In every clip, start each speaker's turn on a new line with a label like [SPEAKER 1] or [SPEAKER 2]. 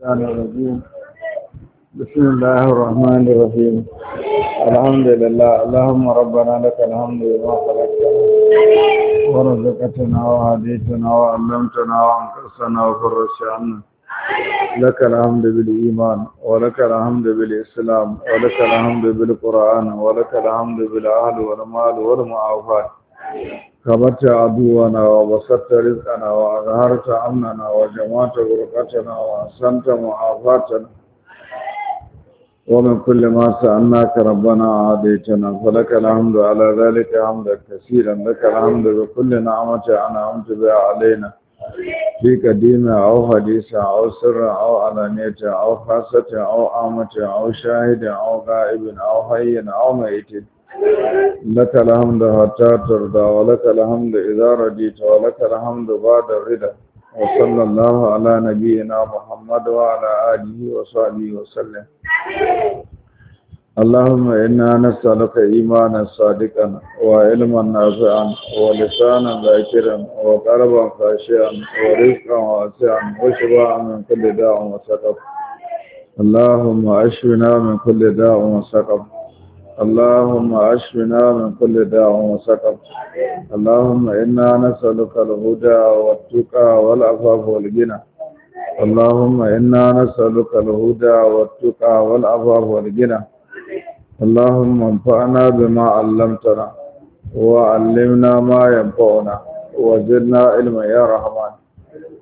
[SPEAKER 1] الشيطان الرجيم بسم الله الرحمن الرحيم الحمد لله اللهم ربنا لك الحمد لما خلقتنا ورزقتنا وهديتنا وعلمتنا وانقصنا وفرجت عنا لك الحمد بالإيمان ولك الحمد بالإسلام ولك الحمد بالقرآن ولك الحمد بالأهل والمال والمعافات kamata a duwana wa basatta rizkana wa a zaharta amnana wa jama'ata gurbatana wa santa mu'afatana wa min kulli ma sa'anna ka rabbana adaitana falaka alhamdu ala dhalika hamdan kaseeran laka alhamdu bi kulli ni'mati an'amta biha alaina fi qadima aw hadisa aw sirra aw alaniyata aw khassata aw amata aw shahida aw ghaibin aw hayyin aw maitin لك الحمد حتى ترضى ولك الحمد إذا رجيت ولك الحمد بعد الردى وصلى الله على نبينا محمد وعلى آله وصحبه وسلم اللهم إنا نسألك إيمانا صادقا وعلما نافعا ولسانا ذاكرا وقلبا خاشعا ورزقا واسعا وشبعا من كل داء وسقم اللهم أشفنا من كل داء وسقم اللهم اشفنا من كل داء وسقم اللهم انا نسالك الهدى والتقى والعفاف والغنى اللهم انا نسالك الهدى والتقى والعفاف والغنى اللهم انفعنا بما علمتنا وعلمنا ما ينفعنا وزدنا علما يا رحمن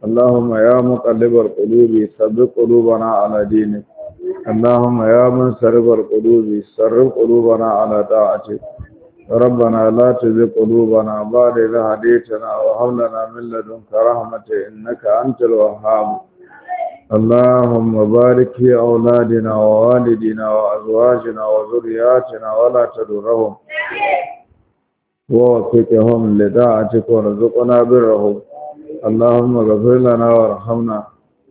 [SPEAKER 1] اللهم يا مقلب القلوب ثبت قلوبنا على دينك اللهم يا من سرب القلوب سرب قلوبنا على طاعتك ربنا لا تزغ قلوبنا بعد إذ هديتنا وهب لنا من لدنك رحمة إنك أنت الوهاب اللهم بارك في أولادنا ووالدينا وأزواجنا وذرياتنا ولا تدرهم ووفقهم لطاعتك وارزقنا برهم اللهم اغفر لنا وارحمنا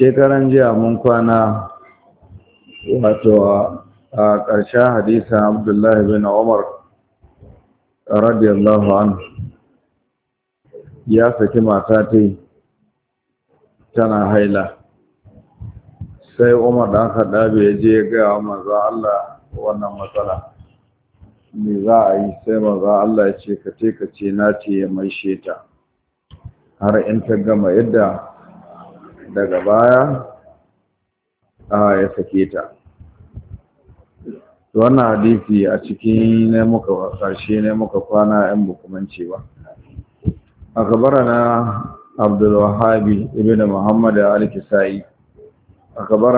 [SPEAKER 1] shekaran jiya mun kwana wato a ƙarshen hadisa abdullahi bin umar radiyallahu anhu ya saki mata ta tana haila sai umar ɗan haɗabi ya je gaya maza Allah wannan matsala me za a yi sai maza Allah ya ce ka ce na ce mai maishe har in ta gama yadda daga baya a ya sake ta wannan hadisi a cikin ne muka karshe ne muka kwana yan bukumanci ba na abdul wahabi ibn muhammad al-kisai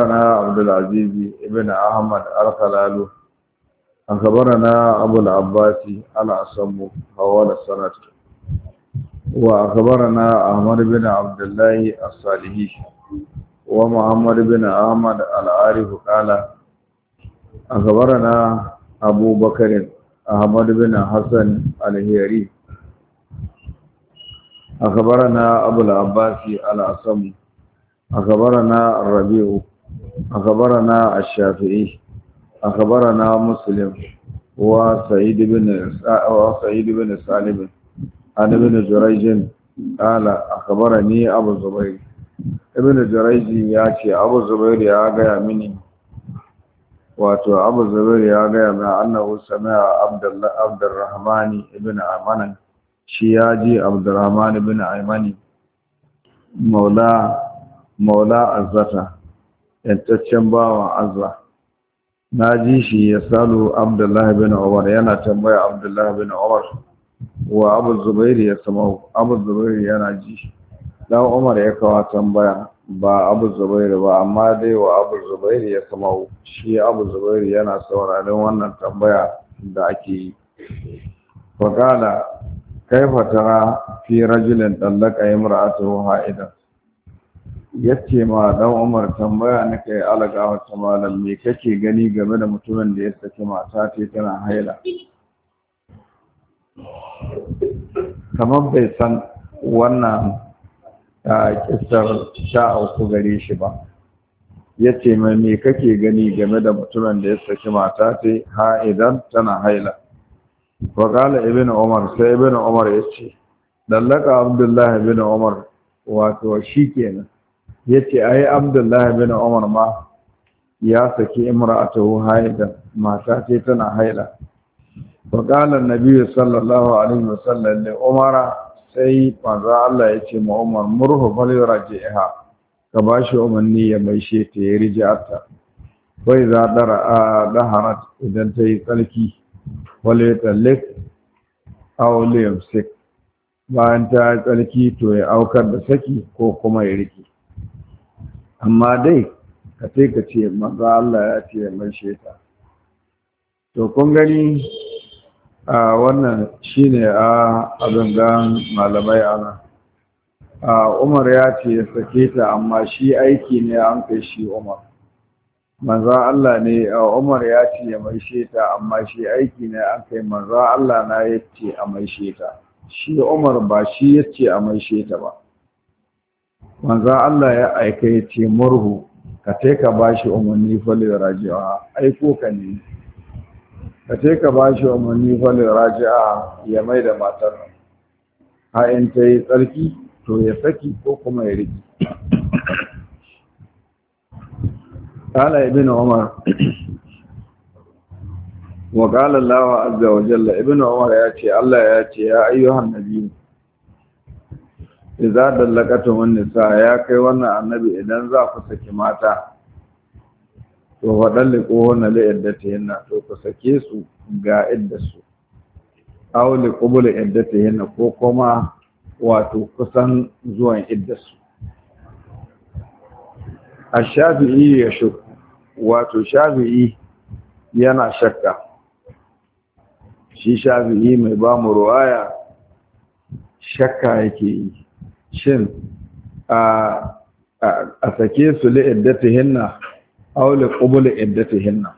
[SPEAKER 1] na abdul aziz ibn ahmad al-khalalu kabara na abul abbas al-asamu hawala sanatu وأخبرنا أحمد بن عبد الله الصالحي ومحمد بن أحمد العارف قال أخبرنا أبو بكر أحمد بن حسن الهيري أخبرنا أبو العباس العصم أخبرنا الربيع أخبرنا الشافعي أخبرنا مسلم وسعيد بن سعيد بن سالم عن ابن جريج قال أخبرني أبو زبير ابن جريج ياتي أبو زبير يا غيا مني wato abu zubair ya gaya mai annahu sami'a abdurrahman ibn ayman shi ya ji abdurrahman ibn ayman maula maula azzata yantaccen bawan azza na ji shi ya salu abdullah ibn umar yana tambaya abdullah ibn umar wa abu zubairu ya sama abu zubairu yana ji dan umar ya kawo tambaya ba abu zubairu ba amma dai wa abu zubairu ya sama shi abu zubairu yana sauraron wannan tambaya da ake yi fagana kai fatara fi rajulin ɗallaka yi ha'idan ya ce ma dan umar tambaya na kai alaga wata malam me kake gani game da mutumin da ya saki mata ce tana haila kamar bai san wannan kisar sha'ar ku gare shi ba ya ce mai me kake gani game da mutumin da ya saki mata ta ha idan tana haila faƙala ibn umar sai ibn umar ya ce dallaka abdullahi ibn umar wato shi kenan ya ce a yi abdullahi ibn umar ma ya saki imra'atahu haidan mata ce tana haila وقال النبي صلى الله عليه وسلم sai manzo Allah ya ce ma Umar murhu fal yurji'ha ka bashi umarni ya maishe ta ya rijata bai za dara daharat idan ta yi tsarki wal yutalik aw liyamsik bayan ta yi tsarki to ya aukar da saki ko kuma ya riki amma dai ka ce ka ce manzo Allah ya ce ya maishe ta to kun gani a wannan shine a abin malamai ana a umar ya ce ya sake ta amma shi aiki ne an kai shi umar manza Allah ne a umar ya ce ya maishe ta amma shi aiki ne an kai manza Allah na ya ce a maishe ta shi umar ba shi ya ce a maishe ta ba manza Allah ya aika ya ce murhu ka ka ba shi umarni da rajiwa aiko ka ne ka ce ka ba shi umarni falin raji'a ya mai da matar nan ta yi tsarki to ya saki ko kuma ya riki قال ابن عمر وقال الله عز وجل ابن عمر ياتي الله ياتي يا ايها za a dallaqatum an-nisa ya kai wannan annabi idan za ku saki mata to na ƙohon yadda ta yana to ku sake su ga yadda su aule ƙubula yadda ta yana ko kuma wato kusan zuwan yadda su a shafi'i ya shuku wato shafi'i yana shakka shi shafi'i mai ba mu ruwaya shakka yake yi shin a sake su da ta yana aule qubul iddatihinna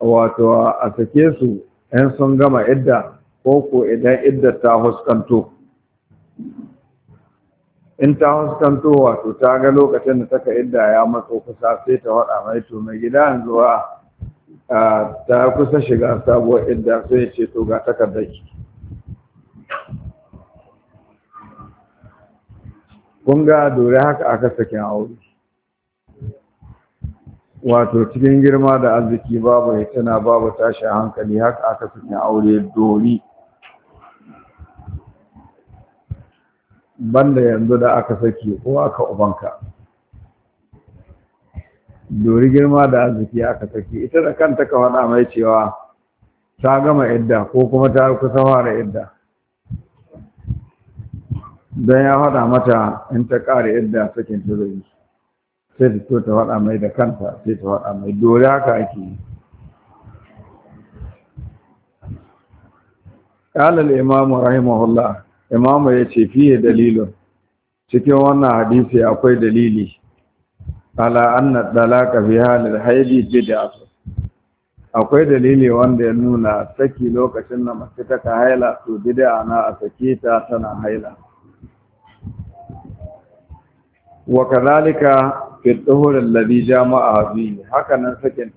[SPEAKER 1] wato a sake su yan sun gama idda ko ko idan idda ta huskanto in ta huskanto wato ta ga lokacin da taka idda ya matso kusa sai ta wada mai to mai gida yanzu ta kusa shiga sabuwar idda sai ce to ga takardar ki? kun ga dore haka aka sakin aure wato cikin girma da arziki babu tana babu tashin hankali haka aka fi aure dori banda yanzu da aka saki ko aka ubanka dori girma da arziki aka saki ita da kanta ka faɗa mai cewa ta gama idda ko kuma ta kusa fara idda don ya faɗa mata in ta ƙara idda sakin ta sai ta so ta faɗa mai da kanta sai ta faɗa mai doya haka ake yi قال imamu rahimahullah, imamu ya ce fiye dalilin cikin wannan hadisi akwai dalili ala anna dalaka fi halil haidi akwai dalili wanda ya nuna saki lokacin da mace ta ka haila to bid'a na a sake ta tana haila wa kadhalika fi alladhi ladi jama'a bi haka nan ta cikin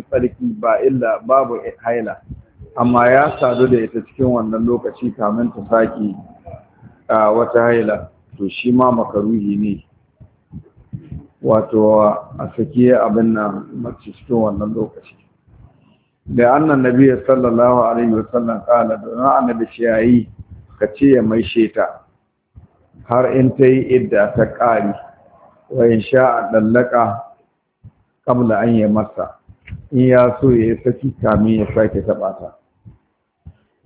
[SPEAKER 1] tsarki ba illa babu haila amma ya sadu da ita cikin wannan lokaci kamin ta saki a wata haila to shi ma makaruhi ne wato a sake abin nan mace cikin wannan lokaci da annan nabi sallallahu alaihi wasallam kala da annabi shi yayi ka ce ya mai sheta har in ta yi idda ta ƙari wa in sha a ɗallaka ƙabla an masa in ya so ya yi saki kamin ya sake taɓa ta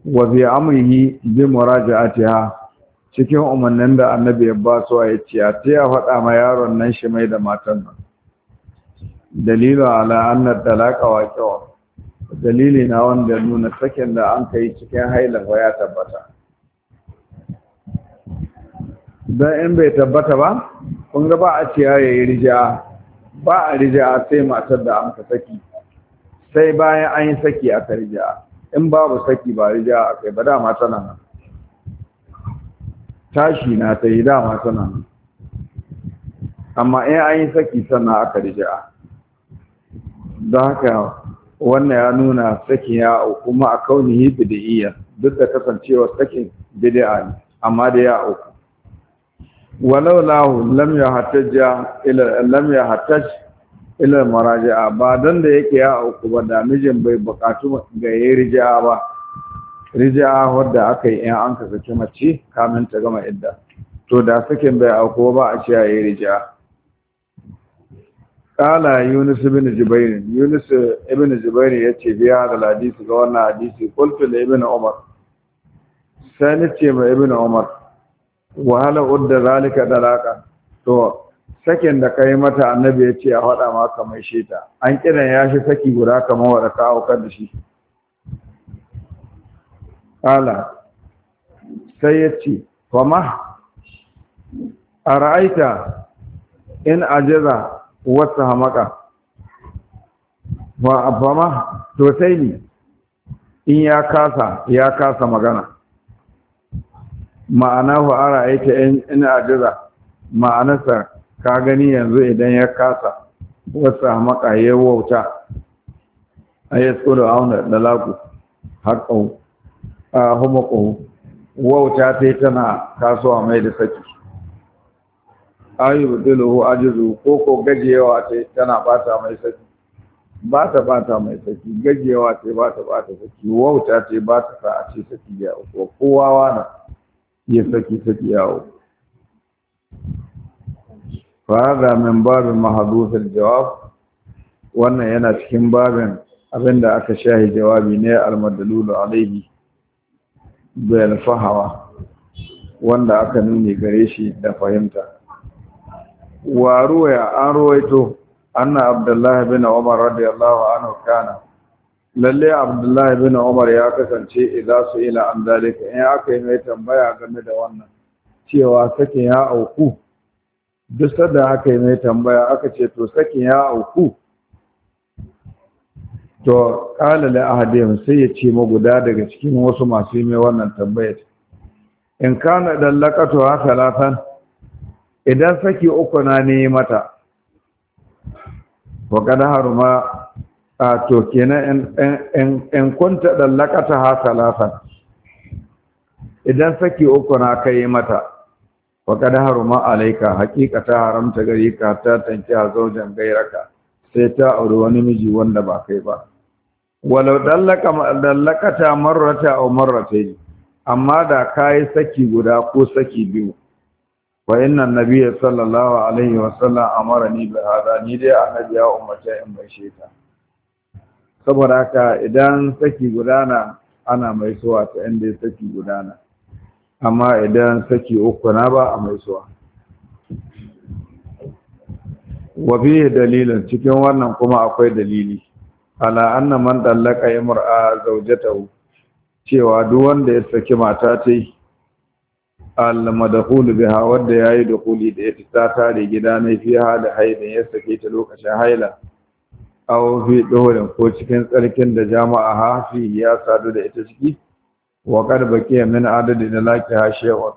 [SPEAKER 1] wa bi ji a muraja'atiha cikin umarnin da annabi ya ba su ya ce a ta ya faɗa ma yaron nan shi mai da matan nan dalilu ala annar talaka kyau dalili na wanda nuna sakin da an kai cikin wa ya tabbata don in bai tabbata ba kun ga ba a ciya ya yi rija ba a rija sai matar da an ka saki sai bayan an yi saki aka rija in babu saki ba rija a kai ba dama tana nan tashi na ta yi dama tana nan amma in an yi saki sannan aka rija don haka wannan ya nuna sakin ya kuma a kaunihi bidiyya duk da kasancewa sakin bidi'a ne amma da ya uku. walau lahu lam yahtajja ila lam yahtaj ila maraji'a ba dan da yake ya auku ba da mijin bai bukatu ga yayi rija'a ba rija'a wadda aka yi in an kasa saki mace kamin ta gama idda to da sakin bai auku ba a ce yayi rija'a kala yunus ibn jubair yunus ibn jubair yace biya da hadisi ga wannan hadisi qultu li ibn umar sai ce ma ibn umar wahala udda zalika dalaka to sakin da kai mata annabi ya ce a faɗa ma kamar shi ta an kiran ya shi saki guda kamar wanda ka aukar da shi ala sai ya ce fama a ra'aita in ajiza wata hamaka wa fama to sai ni in ya kasa ya kasa magana ma'ana wa ara aita ina ajiza ma'anarsa ka gani yanzu idan ya kasa wasu maka wauta a ya tsoro auna da lagu haƙau a homoƙo wauta ta tana kasuwa mai da saki ayu dilu ajizu ko ko gajiyawa ta tana bata mai saki ba ta bata mai saki gajiyawa ta ba ta bata saki wauta ta ba ta sa a ce saki ya kowa na? ya saki saki yawo fara min babin mahadusar jawab wannan yana cikin babin abinda aka shahi jawabi ne almadalulu alaihi bayan fahawa wanda aka nuni gare shi da fahimta wa ruwaya an ruwaito anna abdullahi bin umar radiyallahu anhu kana lalle abdullahi bin umar ya kasance idza su ila an zalika in aka yi tambaya game da wannan cewa sakin ya auku duk sadda aka yi mai tambaya aka ce to sakin ya auku to qala la ahadihim sai ya ce guda daga cikin wasu masu yi mai wannan tambaya in kana dallaqatu ha talatan idan saki uku na ne mata wa kada haruma a to kenan in kunta dallakata ha salasa idan saki uku na kai mata wa kad haruma alayka haqiqata haramta gare ka ta tanki a zaujan gairaka sai ta aure wani miji wanda ba kai ba walau dallaka dallakata marrata aw marratayn amma da kai saki guda ko saki biyu wa inna nabiyya sallallahu alaihi wasallam amara ni bi hada ni dai annabi ya ummata in bai sheta saboda haka idan saki gudana ana mai suwa ta inda ya saki gudana amma idan saki uku na ba a mai suwa wafi dalilin cikin wannan kuma akwai dalili ala anna man dallaka imra'a zawjatahu cewa duk wanda ya saki mata ta yi al-madkhul biha wanda yayi dukuli da ita ta tare gida ne fiha da haidin ya saki ta lokacin haila aw fi ko cikin tsarkin da jama'a hafi ya sadu da ita ciki wa kad ya min adadi na laki hashewa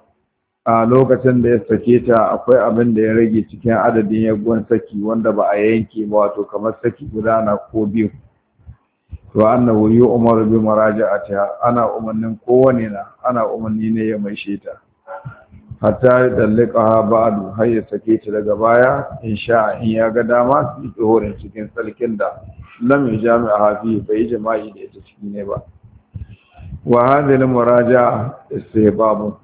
[SPEAKER 1] a lokacin da ya sake ta akwai abin da ya rage cikin adadin gwan saki wanda ba a yanke ba wato kamar saki gudana ko biyu to annahu yu'maru bi muraja'atiha ana umarnin kowane na ana umarni ne ya mai sheta hatta ya dallaka ha ba'adu har ya sake ta daga baya in sha in ya ga dama su yi tsohorin cikin sarkin da lam ya jami'a hafi bai yi jama'i da ita ciki ne ba wa hadhihi muraja babu.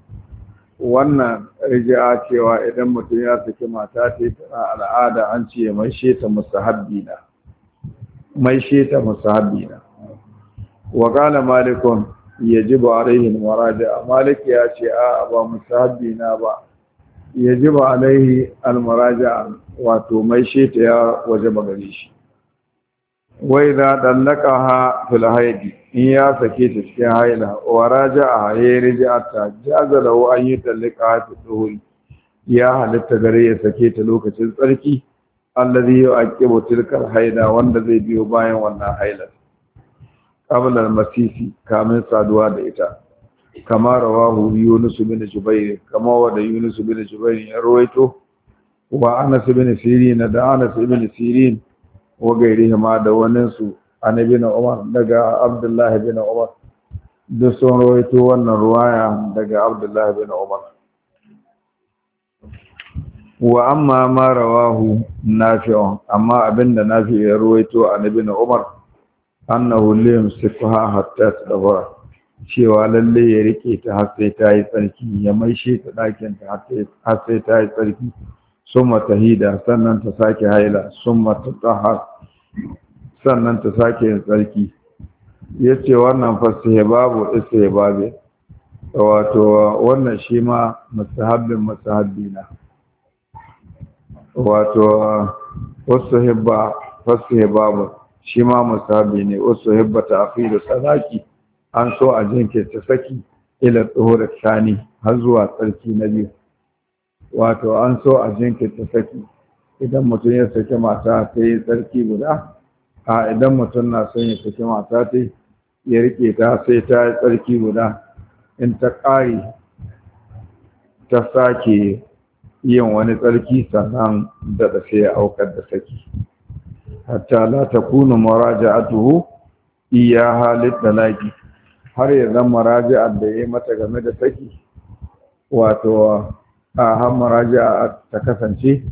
[SPEAKER 1] wannan rija'a cewa idan mutum ya saki mata ta al'ada an ce mai sheta mustahabbi na mai sheta na wa malikun yajibu alaihim muraja'a malik ya ce a'a ba musahabi na ba yajibu alaihi almuraja'a wato mai sheta ya waje magare shi wai da dallaka ha fil in ya sake ta cikin haila wa raja'a ya rija ta jaza lahu an yi dallaka ta duhul ya halitta gare ya sake ta lokacin tsarki allazi yu'aqibu tilkal haida wanda zai biyo bayan wannan hailar qabla al-masisi kamin saduwa da ita kama rawahu yunus bin jubair kama wada yunus bin jubair ya rawaito wa anas bin sirin da anas bin sirin wa gairihima da wannan su annabi na umar daga abdullahi bin umar da sun rawaito wannan ruwaya daga abdullahi bin umar wa amma ma rawahu nafi'un amma abinda nafi ya rawaito annabi na umar annahu la yumsikuha hatta tadhura cewa lalle ya rike ta har sai ta yi tsarki ya maishe ta dakin ta har sai ta yi tsarki summa tahida sannan ta sake haila summa tatahhar sannan ta sake yin tsarki yace wannan fasihi babu istihbabi wato wannan shi ma mustahabbin mustahabbina wato wasu hibba fasihi babu shi ma musabi ne wasu hibba da sadaki an so a jinkirta saki ila tsohon sani har zuwa tsarki na biyu wato an so a jinkirta saki idan mutum ya saki mata ta yi tsarki guda a idan mutum na son ya saki mata ta ya rike ta sai ta yi tsarki guda in ta ƙari ta sake yin wani tsarki sannan da sai ya aukar da saki hatta la takunu muraja'atuhu iyaha litalaqi har ya zama muraja'a da yayi mata game da saki wato a ha maraji'a ta kasance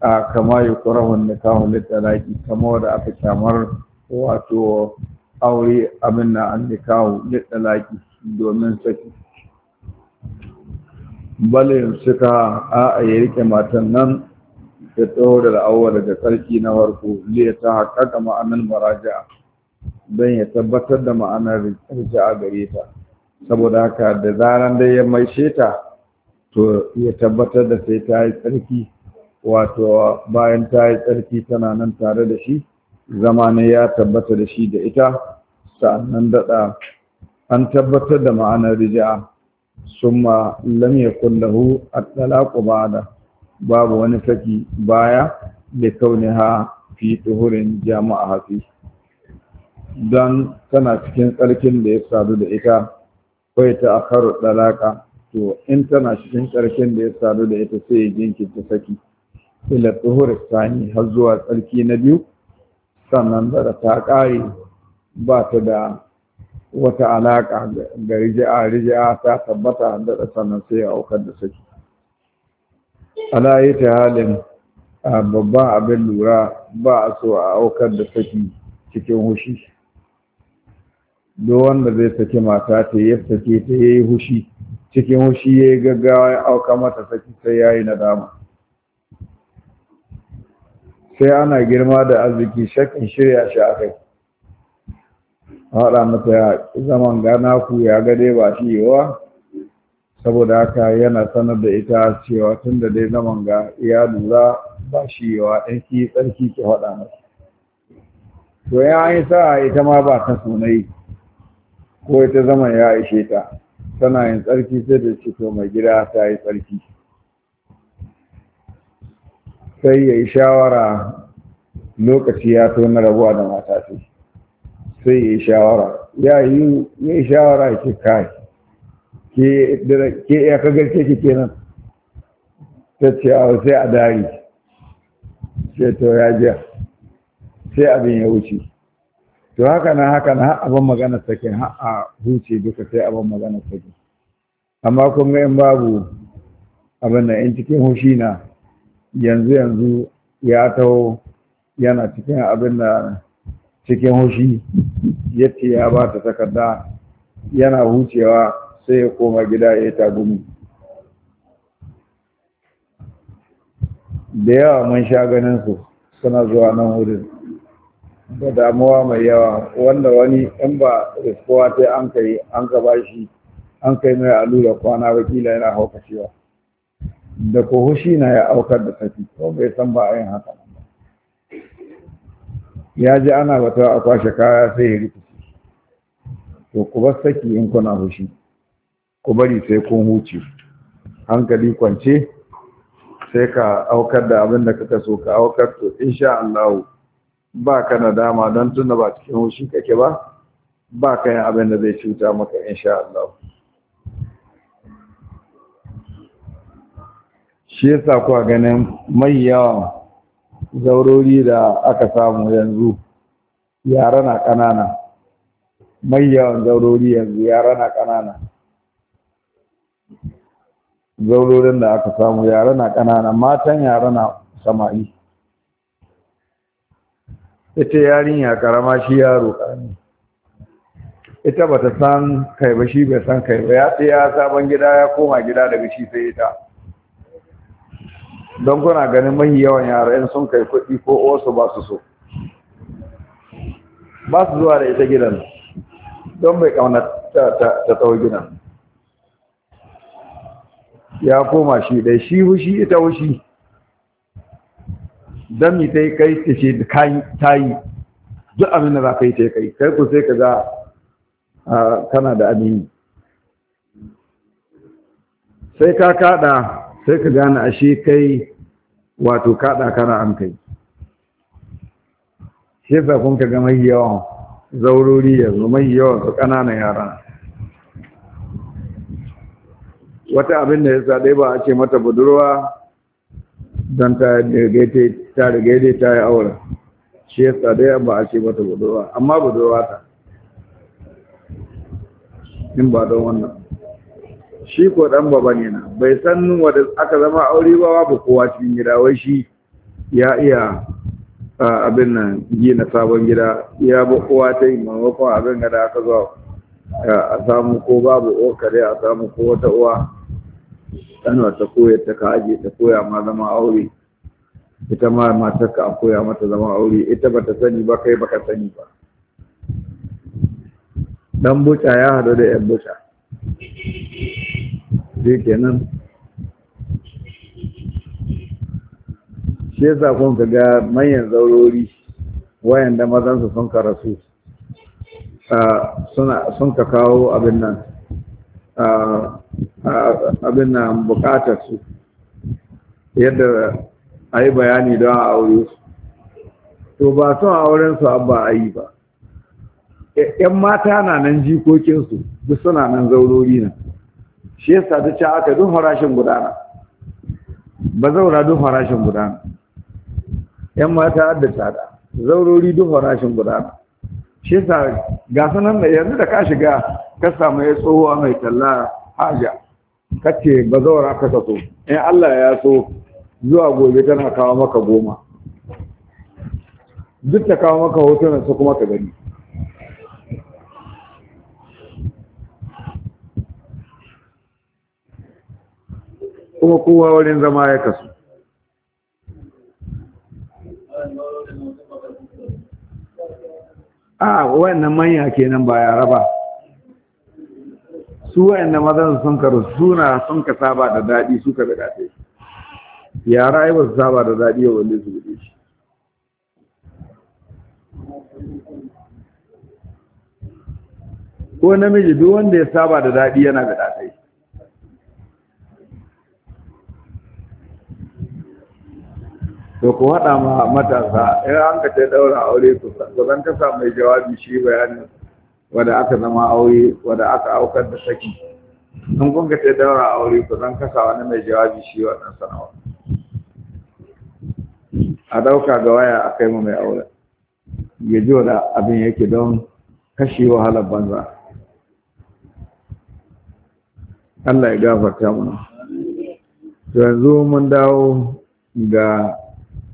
[SPEAKER 1] a kama yukrahu nikahu litalaqi kama da aka kyamar wato aure abin na an nikahu litalaqi domin saki bale suka a a rike matan nan da tsohon daga da tsarki na farko zai ta haƙaƙa ma'anar maraja'a don ya tabbatar da ma'anar a gare ta saboda haka da zaran dai ya maishe ta to ya tabbatar da sai ta yi tsarki wato bayan ta yi tsarki tana nan tare da shi zamanin ya tabbata da shi da ita sa'annan daɗa an tabbatar da ma'anar rija'a summa lam yakun lahu at-talaqu ba'da babu wani saki baya da kauniha fi tuhurin jama'a hafi don tana cikin tsarkin da ya sadu da ita kai ta akaru dalaka to in tana cikin tsarkin da ya sadu da ita sai ya jinkirta saki ila tuhur sani har zuwa tsarki na biyu sannan da ta ƙare, ba ta da wata alaƙa ga rija'a rija'a ta tabbata da sannan sai ya aukar da saki ala yi ta halin a babban abin lura ba a so a aukar da saki cikin hushi duk wanda zai saki mata ta yi sake ta yi hushi cikin hushi ya yi gaggawa ya auka mata saki sai ya yi nadama sai ana girma da arziki shakin shirya shi a kai A haɗa mata zaman gana ku ya gade ba shi yawa saboda haka yana sanar da ita cewa tun da dai zaman ga ya lura ba shi yawa ɗanki tsarki ki faɗa masa to ya yi sa'a ita ma ba ta yi. ko ita zama ya ishe ta tana yin tsarki sai da ce to mai gida ta yi tsarki sai ya yi shawara lokaci ya to rabuwa da mata sai ya yi shawara ya yi shawara ke kai ke ya ka ke kenan ta ce a sai a dari sai to ya jiya sai abin ya wuce to haka na haka na abin magana sake har a huce duka sai abin magana sake amma kun ga in babu abin da in cikin hushi na yanzu yanzu ya taho yana cikin abin da cikin hushi yadda ya ba ta takarda yana hucewa sai ya koma gida ya yi tagumi da yawa mun sha ganin su suna zuwa nan wurin da damuwa mai yawa wanda wani in ba riskuwa sai an kai an ka bashi an kai mai allura kwana wakila yana haukacewa da ko na ya aukar da tafi ko bai san ba a yin haka ya ji ana batawa a kwashe kaya sai ya rikici to ku bar saki in kuna hushi ku bari sai kun huce hankali kwance sai ka aukar da abin da kaka so ka aukar to insha Allah ba ka na dama don tunda ba cikin hushi kake ba ba ka yin abin da zai cuta maka insha Allah shi yasa kuwa ganin mai yawan zaurori da aka samu yanzu yara na ƙanana mai yawan zaurori yanzu yara na ƙanana zaurorin da aka samu yare na ƙanana matan yare na samari ita yarinya ƙarama shi yaro ƙarami ita ba ta san kai ba shi bai san kai ba ya tsaya sabon gida ya koma gida daga shi sai ita don kuna ganin mahi yawan yare, in sun kai kuɗi ko wasu ba su so ba su zuwa da ita gidan don bai ƙaunar ta tsawo gidan ya koma shi dai shi hushi ita hushi don mi ta yi kai ta ce ta yi duk abin da za ka yi ta kai kai ku sai ka ga kana da abin sai ka kada sai ka gane ashe kai wato kada kana an kai shi yasa kun ka ga mai yawan zaurori yanzu mai yawan su ƙananan yara wata abin da ya saɗe ba a ce mata budurwa don ta riga dai ta yi aure shi ya saɗe ba a ce mata budurwa amma budurwa ta in ba don wannan shi ko dan baba ne na bai san wadda aka zama aure ba babu kowa cikin gida wai shi ya iya abin nan gina sabon gida ya ba kowa ta yi maimakon abin gada aka zo a samu ko babu okare a samu ko wata uwa tana ta koya ta ka aje ta koya ma zama aure ita ma matarka a koya mata zama aure ita ba ta sani ba kai baka sani ba dan buca ya hadu da yan buca shi kenan shi yasa kun ka ga manyan zaurori wayan da mazan su sun ka rasu sun ka kawo abin nan abin na bukatar su yadda a yi bayani don a aure su to ba son auren su abba a yi ba yan mata na nan jikokinsu duk suna nan zaurori nan shi yasa ta ce aka duk farashin gudana ba zaura duk farashin gudana yan mata da tsada zaurori duk farashin gudana shi yasa ga sanan da yanzu da ka shiga ka samu ya tsohuwa mai talla haja kace ba zaura ka so in Allah ya so zuwa gobe tana kawo maka goma duk ta kawo maka hotunan su kuma ka gani kuma kowa wurin zama ya kasu a ah, wannan manya kenan ba yara ba su wa'anda mazan sun karu suna sun ka saba da daɗi su ka daga yara yi ba su saba da daɗi yau wanda su gudu shi ko namiji duk wanda ya saba da daɗi yana ta yi to ku haɗa ma matasa ya an ka ta ɗaura aure ku zan ka sa mai jawabi shi bayanin su. wadda aka zama aure wadda aka aukar da saki in kun ka daura aure ku zan kasa wani mai jawabi shi waɗannan sanawa a ɗauka ga waya a kai mu mai aure ya ji wadda abin yake don kashe wahalar banza Allah ya gafarta mana to yanzu mun dawo ga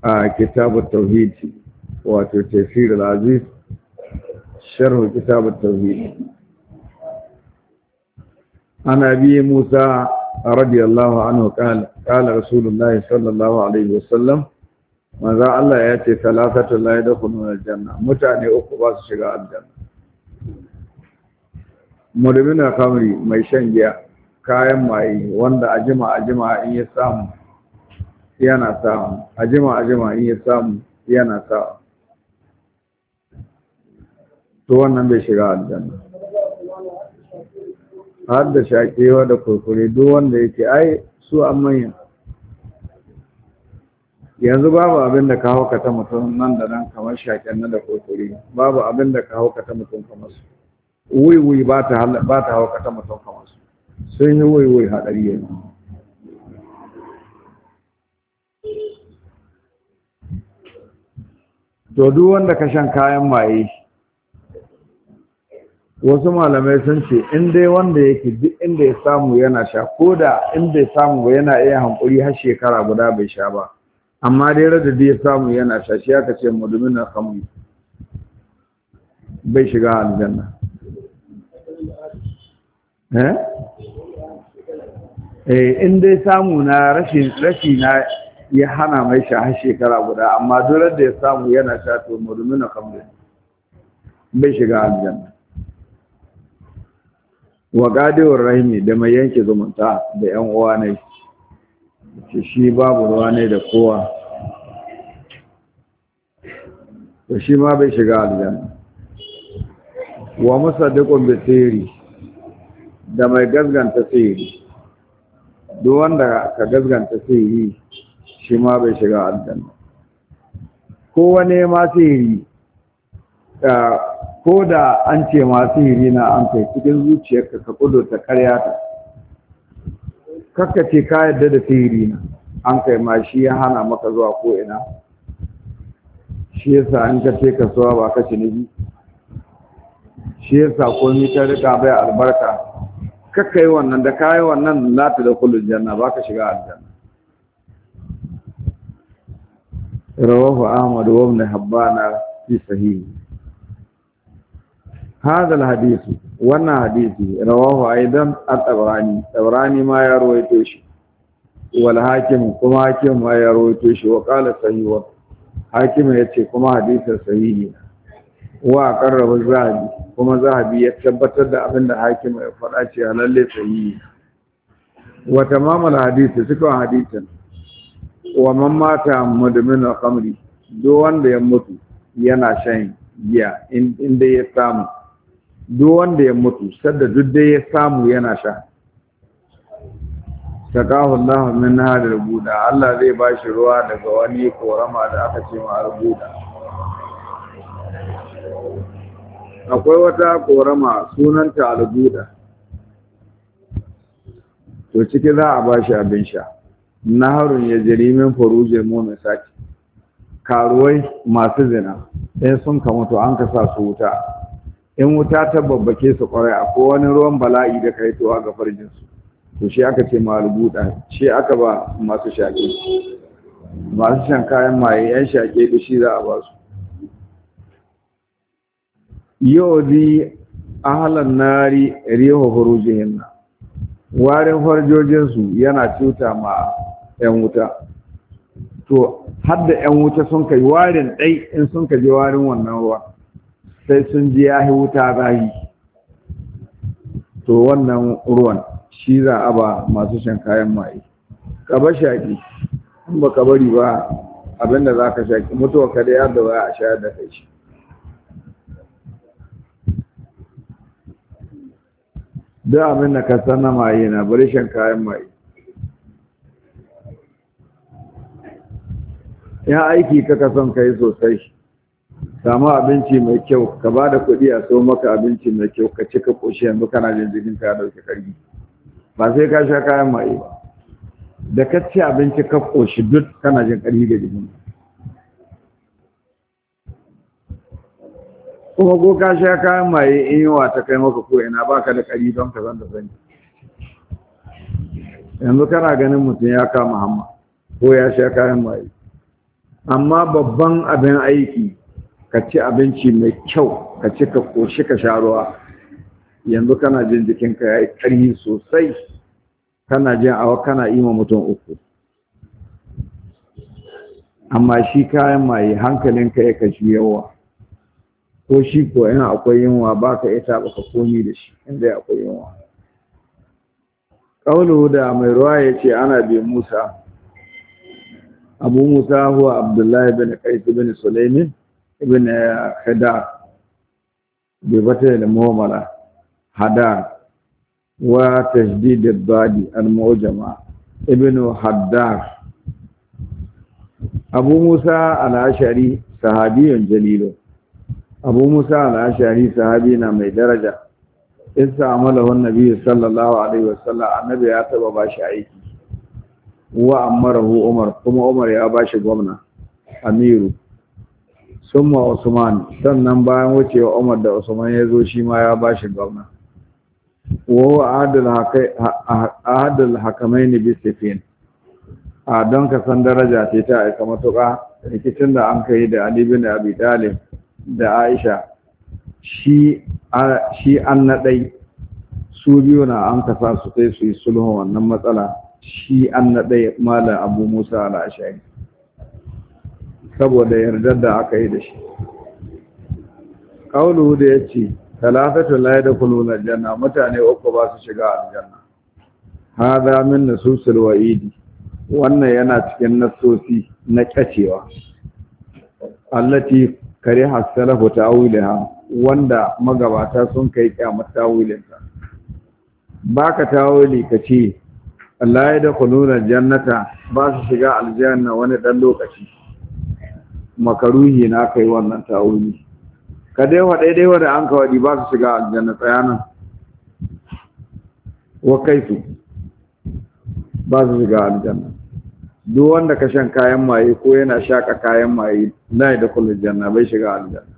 [SPEAKER 1] a kitabu tauhid wato tafsir al-aziz sharh ana bi Musa radiyallahu anhu qala qala rasulullah sallallahu alaihi wasallam manzo Allah ya ce salatatu la yadkhuluna al-janna mutane uku ba su shiga aljanna mudmina kamri mai shan giya kayan maye wanda ajima ajima in ya samu yana samu in ya samu yana samu to wannan bai shiga aljanna har da shaƙewa da kurkure duk wanda yake ai su an manya yanzu babu abin da ka haukata mutum nan da nan kamar shaƙen na da kurkure babu abin da ka haukata mutum kamar su wuiwui ba ta haukata mutum kamar su sun yi wuiwui haɗari yanzu to duk wanda ka shan kayan maye wasu malamai sun ce in dai wanda yake duk inda ya samu yana sha ko da in ya samu ba yana iya hankuri har shekara guda bai sha ba amma dai rada da ya samu yana sha shi aka ce mudumin khamri bai shiga aljanna eh eh in dai samu na rashin rashi na ya hana mai sha har shekara guda amma duk da ya samu yana sha to mudumin khamri bai shiga aljanna wa gadiwar rahimi da mai yanke zumunta da yan uwa ne shi babu ruwa ne da kowa to shi ma bai shiga aljanna wa Musa musaddiqun bi sirri da mai gasganta sirri duk wanda ka gasganta sirri shi ma bai shiga aljanna ko wani ma sirri Eh, ko da an ce masu hiri na an kai cikin zuciyarka ka ta karya ta kakka ce ka yadda da sihiri na an kai ma shi ya hana maka zuwa ko ina shi yasa an ka ce kasuwa ba ka nabi shi yasa komai ta rika bai albarka kakka yi wannan da ka yi wannan lati da kullum janna ba ka shiga aljanna rawahu ahmad wa ibn habbana fi sahihi hadal hadisi wannan hadisi rawahu aidan at-tabrani tabrani ma ya rawaito shi wal hakim kuma hakim ma ya rawaito shi wa qala sahih hakim yace kuma hadisin sahihi wa qarraba zahabi kuma zahabi ya tabbatar da abinda hakim ya faɗa ce lalle sahihi wa tamamul hadisi suka hadisin wa man mata mudmin al-khamri duk wanda ya mutu yana shan giya in dai ya samu duk wanda ya mutu sadda duk dai ya samu yana sha taqahu Allah min hadal buda Allah zai ba shi ruwa daga wani korama da aka ce ma rubuta. akwai wata korama sunanta al to ciki za a ba shi abin sha naharun ya jiri min mu saki karuwai masu zina in sun kamatu an kasa su wuta in wuta ta babbake su kwarai akwai wani ruwan bala'i da kai towa ga farjin su to shi aka ce malubuda shi aka ba masu shaƙe masu shan kayan maye yan shaƙe da shi za a ba su yau zi ahalan nari riho hurujihin na warin farjojinsu yana cuta ma 'yan wuta to hadda 'yan wuta sun kai warin ɗai in sun ka warin wannan ruwa sai sun ji ya wuta rahi to wannan ruwan shi za a ba masu shan kayan maye ka ba shaƙi in ba ka bari ba abinda za ka shaƙi mutuwa ka da yadda waya a shayar da kai shi duk abin da ka san na maye na bari shan kayan maye ya aiki ka kasan kai sosai samu abinci mai kyau ka ba da kuɗi a sau maka abinci mai kyau ka cika ƙoshi yanzu kana jin jikin ka ɗauki ƙarfi ba sai ka sha kayan maye ba da ka ci abinci ka ƙoshi duk kana jin ƙarfi da jikin kuma ko ka sha kayan maye in wa ta kai maka ko ina baka da ƙarfi don ka zan da sani yanzu kana ganin mutum ya kama hamma ko ya sha kayan maye amma babban abin aiki ka ci abinci mai kyau ka ci ka koshi ka sha ruwa yanzu kana jin jikinka ya yi ƙarfi sosai kana jin awa kana ima mutum uku amma shi kayan maye hankalinka ya kashi yawa ko shi ko yana akwai yunwa ba ka ita ba ka komi da shi inda akwai yunwa ƙaunuhu da mai ruwa ya ce ana bi musa abu musa huwa abdullahi bin ƙaisu bin sulaimin ibn hada eh, bi bata da muhammala hada wa tashdid al-badi al-mu'jama ibn haddar abu musa al-ashari sahabiyun jalilun abu musa al-ashari sahabi na mai daraja isa amalahu annabi sallallahu alaihi wa sallam. annabi ya taba bashi aiki wa amarahu umar kuma umar ya bashi gwamna amiru summa usman sannan bayan wucewa umar da usman ya zo shi ma ya ba shi gwamna a adal hakamai ne sifin a don ka san daraja ce ta aika matuƙa rikicin da an kai da ali bin abi talib da aisha shi an naɗai su biyu na an kasa su sai su yi sulhu wannan matsala shi an naɗai malam abu musa al'ashari saboda yardar da aka yi da shi kaulu da ya ce talatatun da kuluna janna mutane uku ba su shiga aljanna hada min nususil wa'idi wannan yana cikin nasosi na kyacewa allati kariha salafu ta'wilaha wanda magabata sun kai kyamar tawilinta baka tawili kace Allah ya da kulunar jannata ba su shiga aljanna wani dan lokaci makaruhi na kai wannan ta'awuni ka dai wa dai wa an ka wadi ba su shiga aljanna tsayanan wa kaifu ba su shiga aljanna duk wanda ka shan kayan maye ko yana shaka kayan maye na yi da kula janna bai shiga aljanna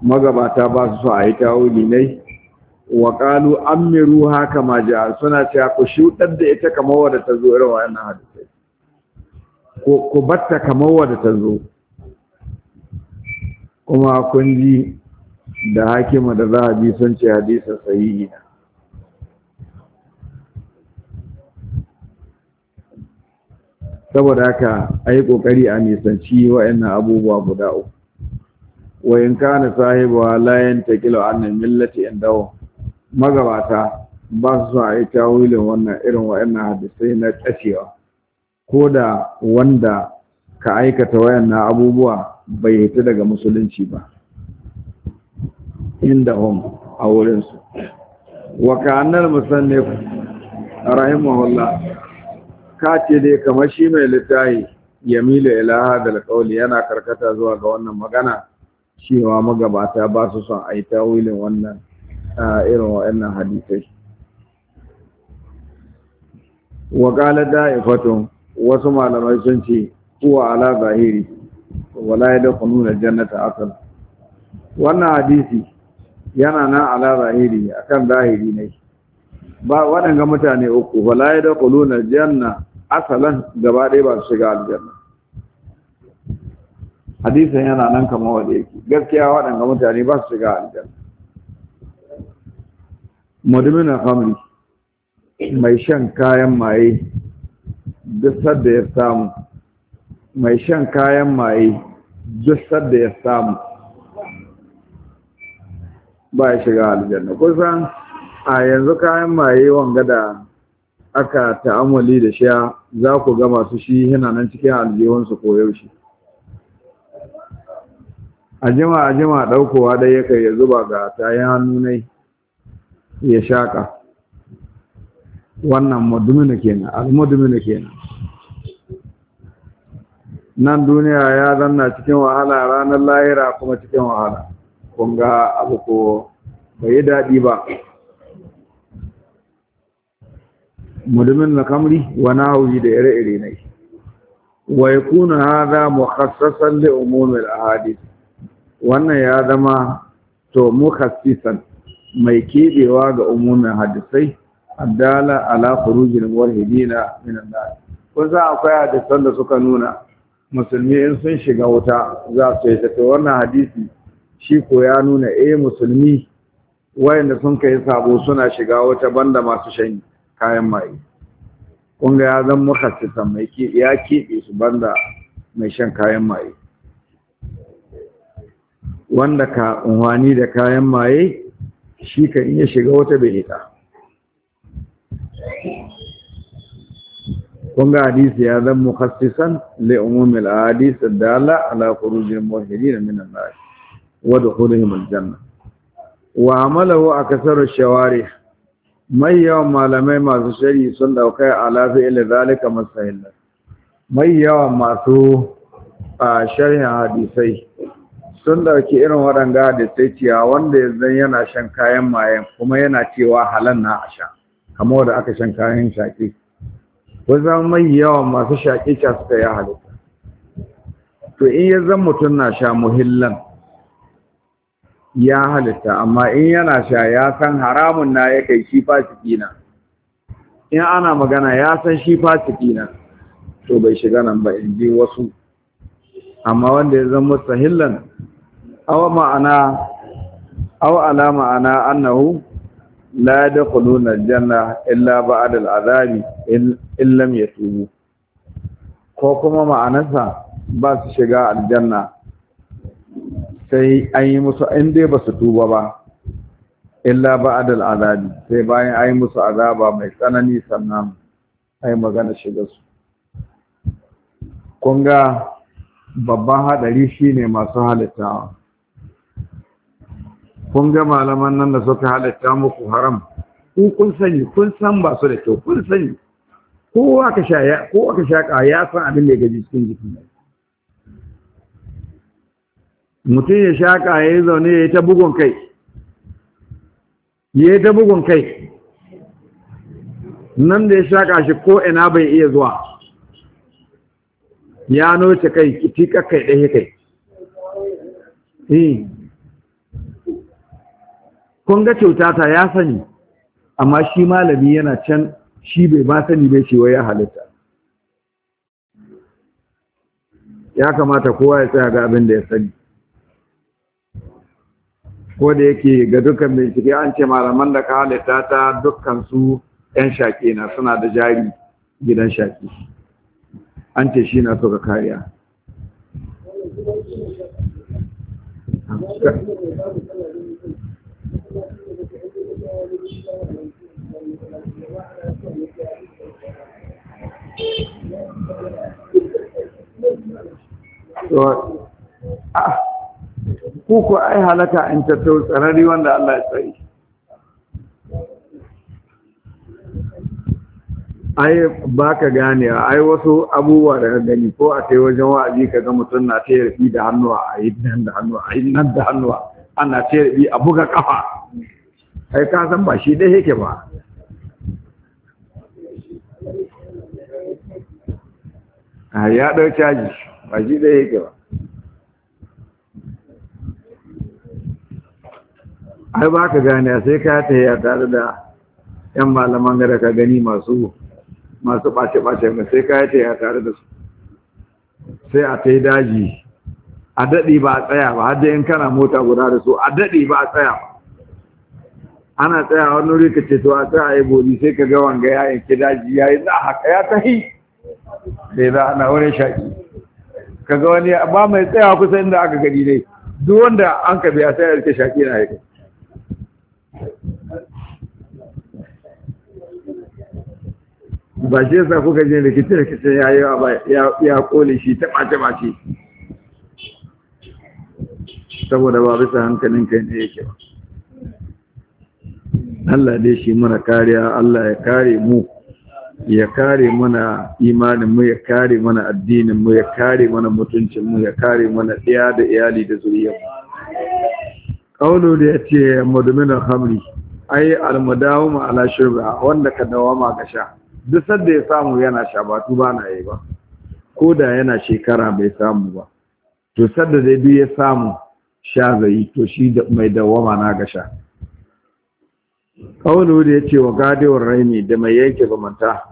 [SPEAKER 1] magabata ba su so a yi ta'awuni ne wa qalu amiruha kama ja suna cewa ku shudar da ita kamar wadda ta zo irin wannan hadisi ku batta kamar wadda ta zo kuma kun ji da hakima da za sun ce hadisa sahihi na saboda haka a yi ƙoƙari a nisanci wa'annan abubuwa guda uku wayin kana sahibuwa layan ta kilo annan millati dawo magabata ba su so a yi tawilin wannan irin wa'annan hadisai na ƙashewa ko da wanda ka aikata wayannan abubuwa bai hita daga musulunci ba inda hom a wurinsu wa ka'annar rahim rahimahullah ka ce dai kamar shi mai littahi mila ilaha da alƙauli yana karkata zuwa ga wannan magana cewa magabata ba su son a yi tawilin wannan irin waɗannan hadisai wa ƙala da'ifatun wasu malamai sun ce kuwa ala zahiri wala ya da kununa jannata asal wannan hadisi yana nan ala zahiri akan zahiri ne ba waɗanga mutane uku wala ya da kununa janna asalan gaba ɗaya ba su shiga aljanna hadisin yana nan kamar wanda yake gaskiya waɗanga mutane ba su shiga aljanna mudumin hamri mai shan kayan maye duk sadda ya samu mai shan kayan maye duk sadda ya samu ba ya shiga aljanna kusan a yanzu kayan maye wanga da aka ta'amali da sha za ku ga masu shi yana nan cikin aljihunsu ko yaushe a jima a jima ɗaukowa dai ya kai ya zuba ga tayan hannu ne ya shaƙa wannan mudumina kenan al-mudumina kenan nan duniya ya zanna cikin wahala ranar lahira kuma cikin wahala kun ga abu ko bai yi daɗi ba mudumin na kamri wani hauyi da ire-ire ne wa ya kuna mu mukhassasan da umumin ahadi wannan ya zama to mukhassisan mai keɓewa ga umumin hadisai addala ala khurujil mulhidina min da kun za akwai hadisan da suka nuna musulmi in sun shiga wuta za su yi tafi wannan hadisi shi ko ya nuna eh musulmi wayanda sun kai sabo suna shiga wuta banda masu shan kayan maye kun ga ya zan mukassisan mai ya keɓe su banda mai shan kayan maye wanda ka unwani da kayan maye shi ka iya shiga wata bai hita kun ga hadisi ya zan mukhassisan li umumil ahadith dala ala khurujil muwahhidin min an-nar wa dukhulihim al-janna wa amalahu akasaru shawari. mai yawan malamai masu shari sun daukai ala fi'il zalika masahilla mai yawan masu a sharhin hadisai sun dauki irin waɗanda da sai ciya wanda yanzu yana shan kayan mayan kuma yana cewa halan na a sha kamar da aka shan kayan shaƙi wajen mai yawan masu shaƙi ca suka yi halitta to in ya zan mutum na sha muhillan ya halitta amma in yana sha ya san haramun na ya kai shi fasiki na in ana magana ya san shi fasiki na to bai shiga nan ba in ji wasu amma wanda ya zan mutum hillan awa ma'ana awa ala ma'ana annahu la yadkhuluna aljanna illa ba'da al'azabi in lam yatubu ko kuma ma'anarsa ba su shiga aljanna sai an yi musu in ba su tuba ba illa adal azabi sai bayan an yi musu azaba mai tsanani sannan ai magana shiga su Kunga babban hadari shine masu halittawa kun ga malaman nan da suka halatta muku haram ku kun sani kun san ba su da kyau kun sani Kowa aka sha ko aka shaka ya san abin da ya gaji cikin jiki mutum ya shaka ya yi zaune ya yi ta bugun kai ya yi ta bugun kai nan da ya shaka shi ko ina bai iya zuwa ya noce kai tika kai ɗaya kai eh. kun ga kyautata ya sani amma shi malami yana can shi bai ba sani bai cewa ya halitta ya kamata kowa ya tsaya ga abin da ya sani ko da yake ga dukkan bincike an ce malaman da ka halitta ta dukkan su 'yan shaƙe na suna da jari gidan shaƙi an ce shi na suka kariya kuku ah, ai halaka in tattau tsarari wanda Allah ya tsari ai ba ka gane ai wasu abubuwa da gani ko a kai wajen wa'azi ka ga mutum na ta yarfi da hannuwa a yi nan da hannuwa a yi nan da hannuwa ana ta yarfi a buga kafa ai ka san ba shi dai yake ba a ah, ya ɗau caji ba shi ɗaya yake ba ai ba ka gane sai ka ta yi a tare da yan malaman gada ka gani masu masu ɓace-ɓace mai sai ka ta yi a tare da su sai a ta yi daji a daɗi ba a tsaya ba har in kana mota guda da su a daɗi ba a tsaya ba ana tsaya wani wuri ka ce to a tsaya ya bodi sai ka ga wanga ya yanke daji ya yi za a haka ya tahi sai eh, za ana wurin shaƙi kaga wani ba mai tsaya kusa inda aka gari dai duk wanda an ka biya sai ya shaƙi na yake ba shi yasa kuka je rikice rikice ya yi ya kole shi ta mace mace saboda ba bisa hankalin kai ne yake ba Allah dai shi mana kariya Allah ya kare mu ya kare mana imaninmu, ya kare mana addinin mu ya kare mana mutuncinmu, ya kare mana ɗaya da iyali da zuriyar Ƙaunar da yace mudmin al-khamri ai al ala shurba wanda ka dawama ga sha duk ya samu yana sha ba tuba na yi ba ko da yana shekara bai samu ba to sanda dai duk ya samu sha zai to shi mai dawama na ga sha ƙaunar da ya ce wa gadewar raini da mai yanke zumunta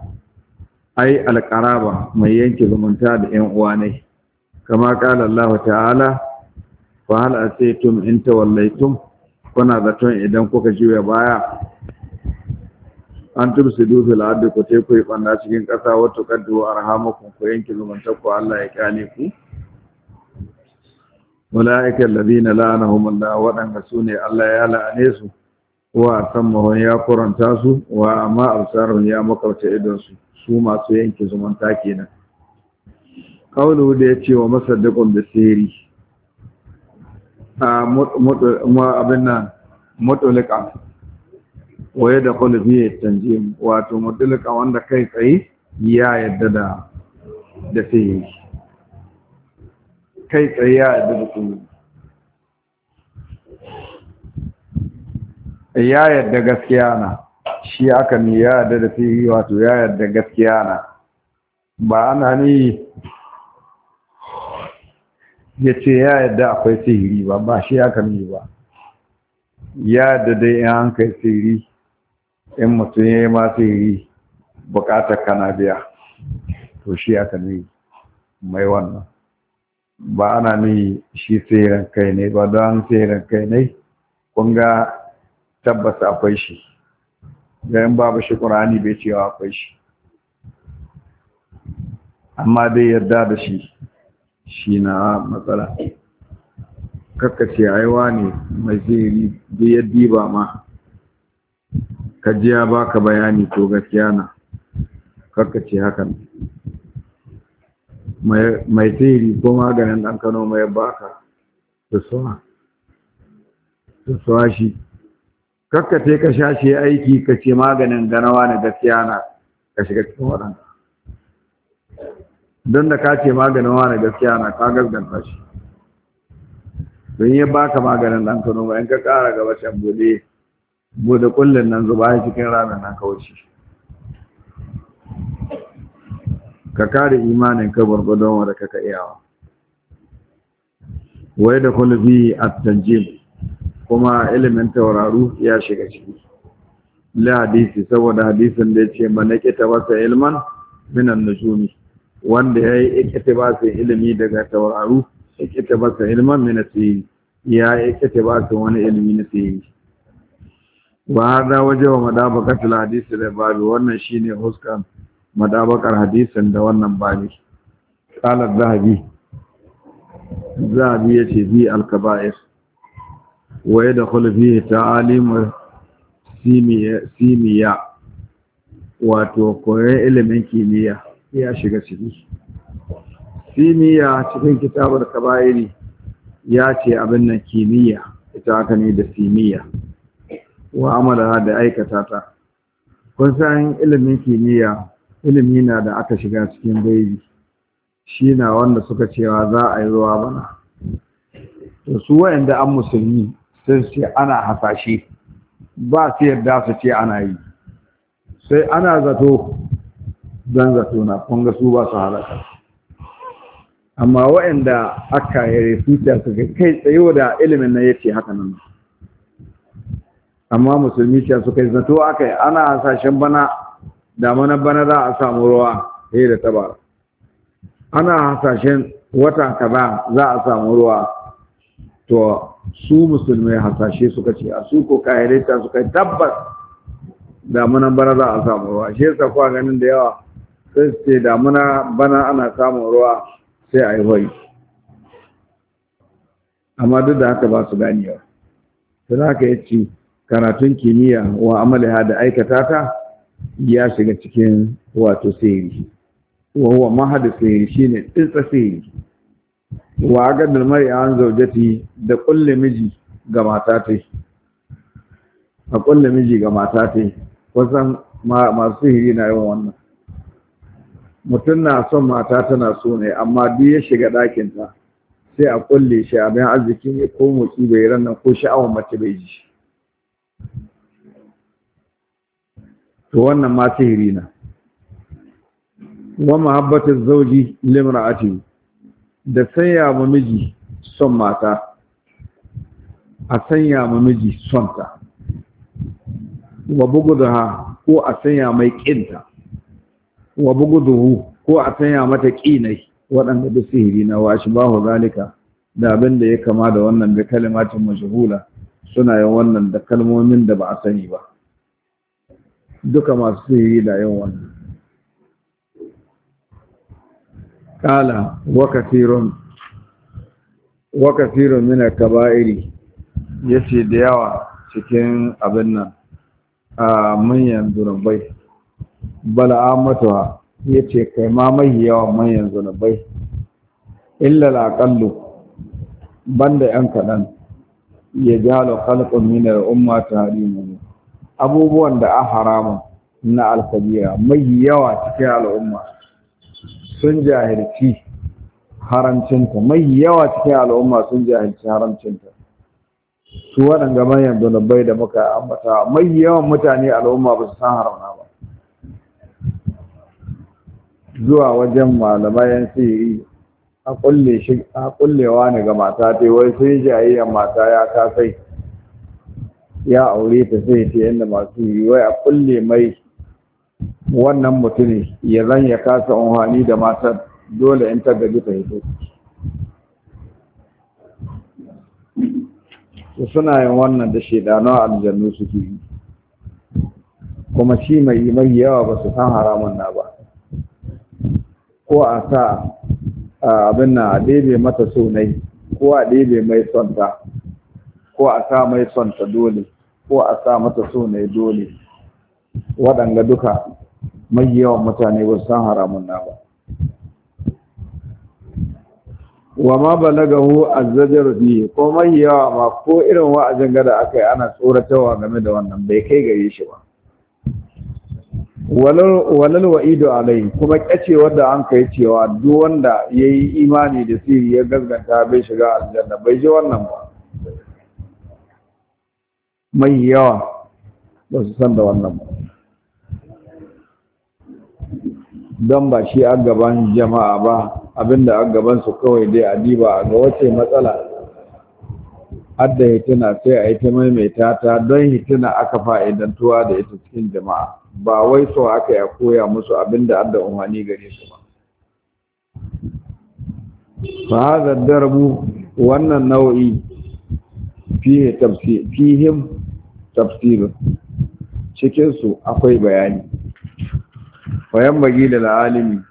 [SPEAKER 1] ai alƙaraba mai yanke zumunta da ‘yan uwa ne kama ƙala Allah ta'ala fa hal tun in ta wallaitun, kuna zaton idan kuka juya baya an su dufi la'adda ku teku yi ɓanna cikin ƙasa wato kaddu rahamakon ku yanke zumunta ku Allah ya kyale ku ulaika na la'anahu Allah waɗanda su ne Allah ya la'ane su wa samahun ya kuranta su wa amma absarun ya makarta idon su su masu yanke zumunta kenan kaulu da ya ce wa masaddaqun da siri a abin nan mutulika waye da kwalifi ya canje wato mutulika wanda kai tsaye ya yadda da da siri kai tsaye ya yadda da siri ya yarda gaskiya na shi aka ni ya yarda da fi wato ya yarda gaskiya na ba ana ni ya ce ya yarda akwai sihiri ba ba shi aka ni ba ya yarda dai in an kai sihiri in mutum ya yi ma sihiri bukatar kana biya to shi aka ni mai wannan ba ana ni shi sihirin kai ne ba don sihirin kai ne kun ga tabbas akwai shi in babu shi ƙur'ani bai cewa akwai shi amma dai yarda da shi shi na matsala kakkace aiwa ne mai zai da yaddi ba ma kajiya ba ka bayani to gaskiya na kakkace hakan mai tsiri ko maganin ɗan kano mai baka da suwa da suwa shi kakkace ka shashe aiki ka ce maganin ganawa na gaskiya na ka shiga cikin waɗanda don da ka ce maganin wa na gaskiya na ka gaskanta shi don yi baka maganin ɗan kano ba in ka ƙara gaba can bude bude kullum nan zuba ya cikin ranar nan kawai ka kare imanin ka gwargwadon wanda kaka iyawa wai da kullu a at-tanjim kuma ilimin tauraru ya shiga ciki la hadisi saboda hadisin da yace man kita wasa ilman minan nujumi wanda yayi ikita ba ilimi daga tauraru ikita ba ilman min asiri ya ikita ba wani ilimi na Ba wa hada waje wa madabakatul hadisi da babu wannan shine huskan madabakar hadisin da wannan babi qala zahabi zahabi yace bi al-kaba'ir wa ya da kulfi ta'alimar simiya wato koyon ilimin kimiyya ya shiga ciki simiya cikin kitabar kabayiri ya ce abin nan kimiyya ita aka ne da simiya wa amala da aikata ta kun san ilimin kimiyya ilimi na da aka shiga cikin bayi shi na wanda suka cewa za a yi ruwa bana to su wa'anda an musulmi sai su ce ana hasashe ba su yadda su ce ana yi sai ana zato don zato na kunga su ba su halaka amma waɗanda aka yare su ta kai tsayo da ilimin na yace haka nan amma musulmi ce su kai zato aka yi ana hasashen bana da mana bana za a samu ruwa sai da tabar ana hasashen wata kaza za a samu ruwa to su musulmai hasashe suka ce a su ko kayarita suka tabbas damunan bana za a samu ruwa shi yasa kuwa ganin da yawa sai su ce damuna bana ana samun ruwa sai a yi hori amma duk da haka ba su gani ganewa za haka ya ce karatun kimiyya wa amaliha da aikata ta ya shiga cikin wato sayiri wa huwa mahadin sayiri shine tsintsa sayiri wa gadar mari an zaujati da kulle miji ga mata ta a kulle miji ga mata ta kusan masu hiri na yawan wannan mutum na son mata tana so ne amma duk ya shiga ɗakinta sai a kulle shi bayan arziki ne ko motsi bai ran nan ko sha'awar mace bai ji to wannan ma sihiri na wa mahabbatar zauji limra'ati da sanya ma miji son mata a sanya ma miji son wa bugudaha ko a sanya mai kinta wa buguduhu ko a sanya mata kinai. waɗanda da sihiri na washi ba hu zalika da abin da ya kama da wannan da kalimatin mashahula suna yin wannan da kalmomin da ba a sani ba duka masu sihiri da yin wannan kala wa kathirun wa ya ce da yawa cikin abin nan a manyan zunubai bala amatuwa ce kai ma mai yawa manyan zunubai illa al-aqallu banda yan kadan ya jalo khalqun min al-umma tahrimu abubuwan da a haramun na alkabira mai yawa cikin al'umma sun jahilci haramcinta mai yawa cikin al'umma sun jahilci haramcinta su waɗanda manyan bai da muka ambata mai yawan mutane al'umma ba su san haramna ba zuwa wajen malamai yan siri a kullewa ne ga mata ta wai sai jayayyar mata ya kasai ya aure ta sai ta yadda masu yi wai a kulle mai wannan mutumin ya zan ya kasa unhani da matar dole in ta gaji ta hito su suna yin wannan da shaidanu a aljannu suke yi kuma shi mai mai yawa ba su san haramun na ba ko a sa abin na a ɗebe mata sonai ko a ɗebe mai sonta ko a sa mai sonta dole ko a sa mata sonai dole waɗanga duka mai yawan mutane ba san haramun na ba wa ma balagahu azzajar bi ko mai yawa ma ko irin wa'azin gada yi ana tsoratawa game da wannan bai kai gare shi ba walal wa'idu alai kuma kacewar da an kai cewa duk wanda yayi imani da sirri ya gaskanta bai shiga aljanna bai ji wannan ba mai yawa ba su san da wannan ba don ba shi a gaban jama'a ba abinda a su kawai dai a diba ga wace matsala hadda hituna, sai a yi ta maimaita ta don hituna aka fa'idantuwa da ita cikin jama'a ba wai so aka ya koya musu abinda adda umarni gare su ba fa hadha darbu wannan nau'i fihin fihim tafsir cikin akwai bayani fayan bagi da la'alimi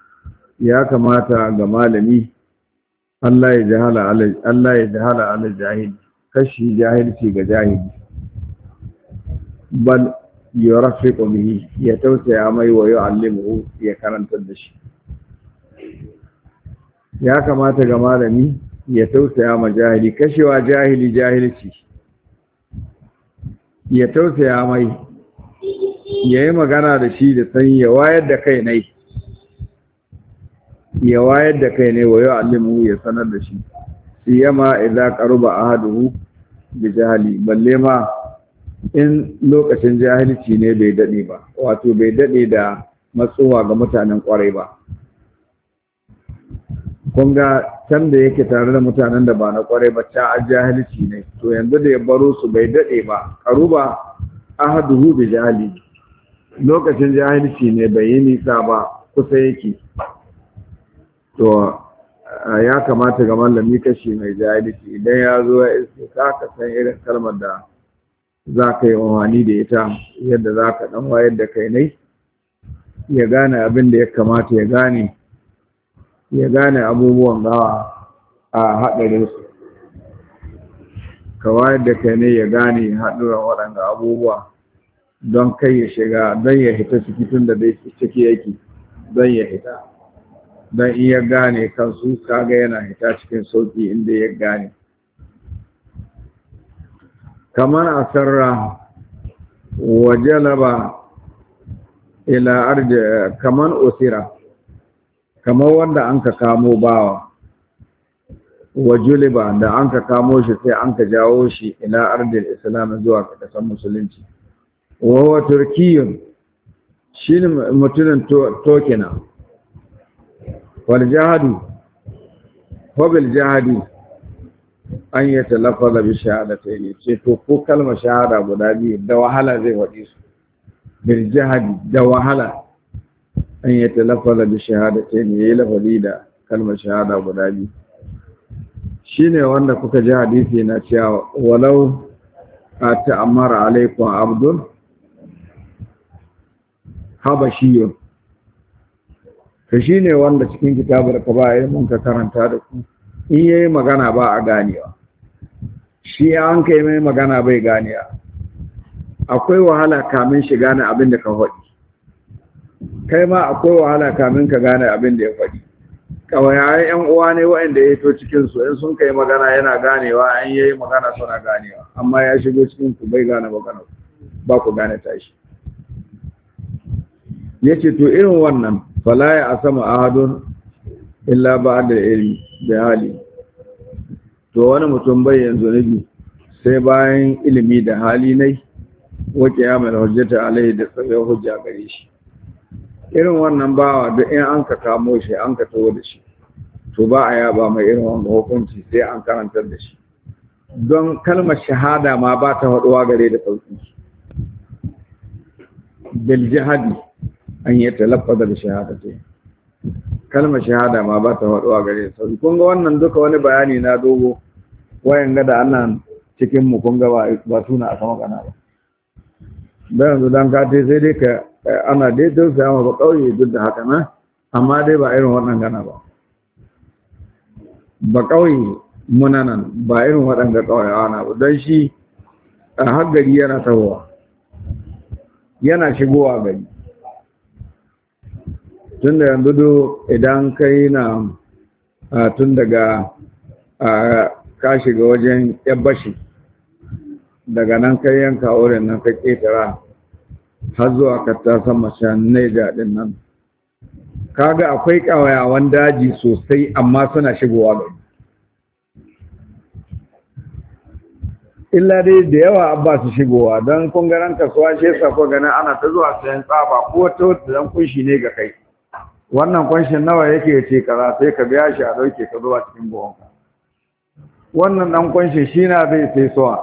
[SPEAKER 1] ya kamata ga malami Allah ya jahala ala jahili kashi jahilci ga jahili bal ya rafi bihi ya tausaya mai wa ya allimu ya karanta da shi ya kamata ga malami ya tausaya ma jahili kashewa jahili jahilci ya tausaya mai ya yi magana da shi da sanyi ya wayar da kai ne ya wayar da kai ne wa yau alimu ya sanar da shi siyama idza qaruba ahaduhu bi jihali. balle ma in lokacin jahilci ne bai dade ba wato bai dade da matsowa ga mutanen kwarai ba kun ga can da yake tare da mutanen da ba na kwarai ba ta jahilci ne to yanzu da ya baro su bai dade ba qaruba ahaduhu bi jahali lokacin jahilci ne bai yi nisa ba kusa yake to ya kamata ga mallami kashi mai jahilci idan ya zo ya iske ka ka san irin kalmar da za ka yi amfani da ita yadda za ka dan wayar da kai ne ya gane abin da ya kamata ya gane ya gane abubuwan gawa a haɗarin su ka wayar da kai ne ya gane haɗuran waɗanda abubuwa don kai ya shiga don ya hita ciki tun da dai ciki yake don ya hita don in ya gane kansu kaga yana hita cikin sauki inda ya gane kamar a sarra wa jalaba ila arja kamar osira kamar wanda an ka kamo bawa wa da an ka kamo shi sai an ka jawo shi ila arjin islam zuwa kasan musulunci wawa turkiyun shi ne mutumin tokina waljahadu hobil jahadi an yi talafa da shahada ta yi ce to ko kalma shahada guda biyu da wahala zai waɗi su bil jahadi da wahala an yi talafa da shahada ta yi ya yi lafali da kalma shahada guda biyu shi ne wanda kuka ji hadisi na cewa walau a ta'ammara alaikun abdul habashiyo shi ne wanda cikin kitabar kitabul kaba'ir mun ka karanta da ku in yayi magana ba a ganewa shi an kai mai magana bai ganewa akwai wahala kamin shi gane abin da ka faɗi kai ma akwai wahala kamin ka gane abin da ya faɗi kawai yan uwa ne waɗanda ya to cikin su in sun kai magana yana ganewa an yayi magana suna ganewa amma ya shigo cikin ku bai gane magana ba ku gane tashi yace to irin wannan falaya a sama ahadun illa ba a da hali to wani mutum bai yanzu nabi sai bayan ilimi da hali nai ya qiyamul hujjata alaihi da tsayar hujja gare shi irin wannan bawa duk in an ka kamo shi an ka tawo da shi to ba a yaba mai irin wannan hukunci sai an karantar da shi don kalmar shahada ma ba ta haɗuwa gare da sauƙi bil jihadi an yi talaffaza da shahada ce kalmar shahada ma ba ta faɗo a gare ta. kun ga wannan duka wani bayani na dogo wayan ga da Allah cikin mu kun ga ba suna a sama kana ba dan yanzu dan ka sai dai ka ana dai duk sai ma ba kauye duk da haka na amma dai ba irin wannan gana ba ba kauye munanan ba irin waɗanda kauyawa na ba don shi a har gari yana tawowa yana shigowa gari tun da yanzu do idan kai na tun daga ka shiga wajen yabashi daga nan kai yanka wurin nan ka ƙetara har zuwa ka ta sama can naija din nan kaga akwai ƙawayawan daji sosai amma suna shigowa gari illa dai da yawa abba su shigowa don kungaran kasuwa shi ko ganin ana ta zuwa sayan tsaba ko ta wata dan kunshi ne ga kai wannan kwanshin nawa yake ce kaza sai ka biya shi a dauke ka zuwa cikin buhunka wannan dan kwanshin shi na zai sai suwa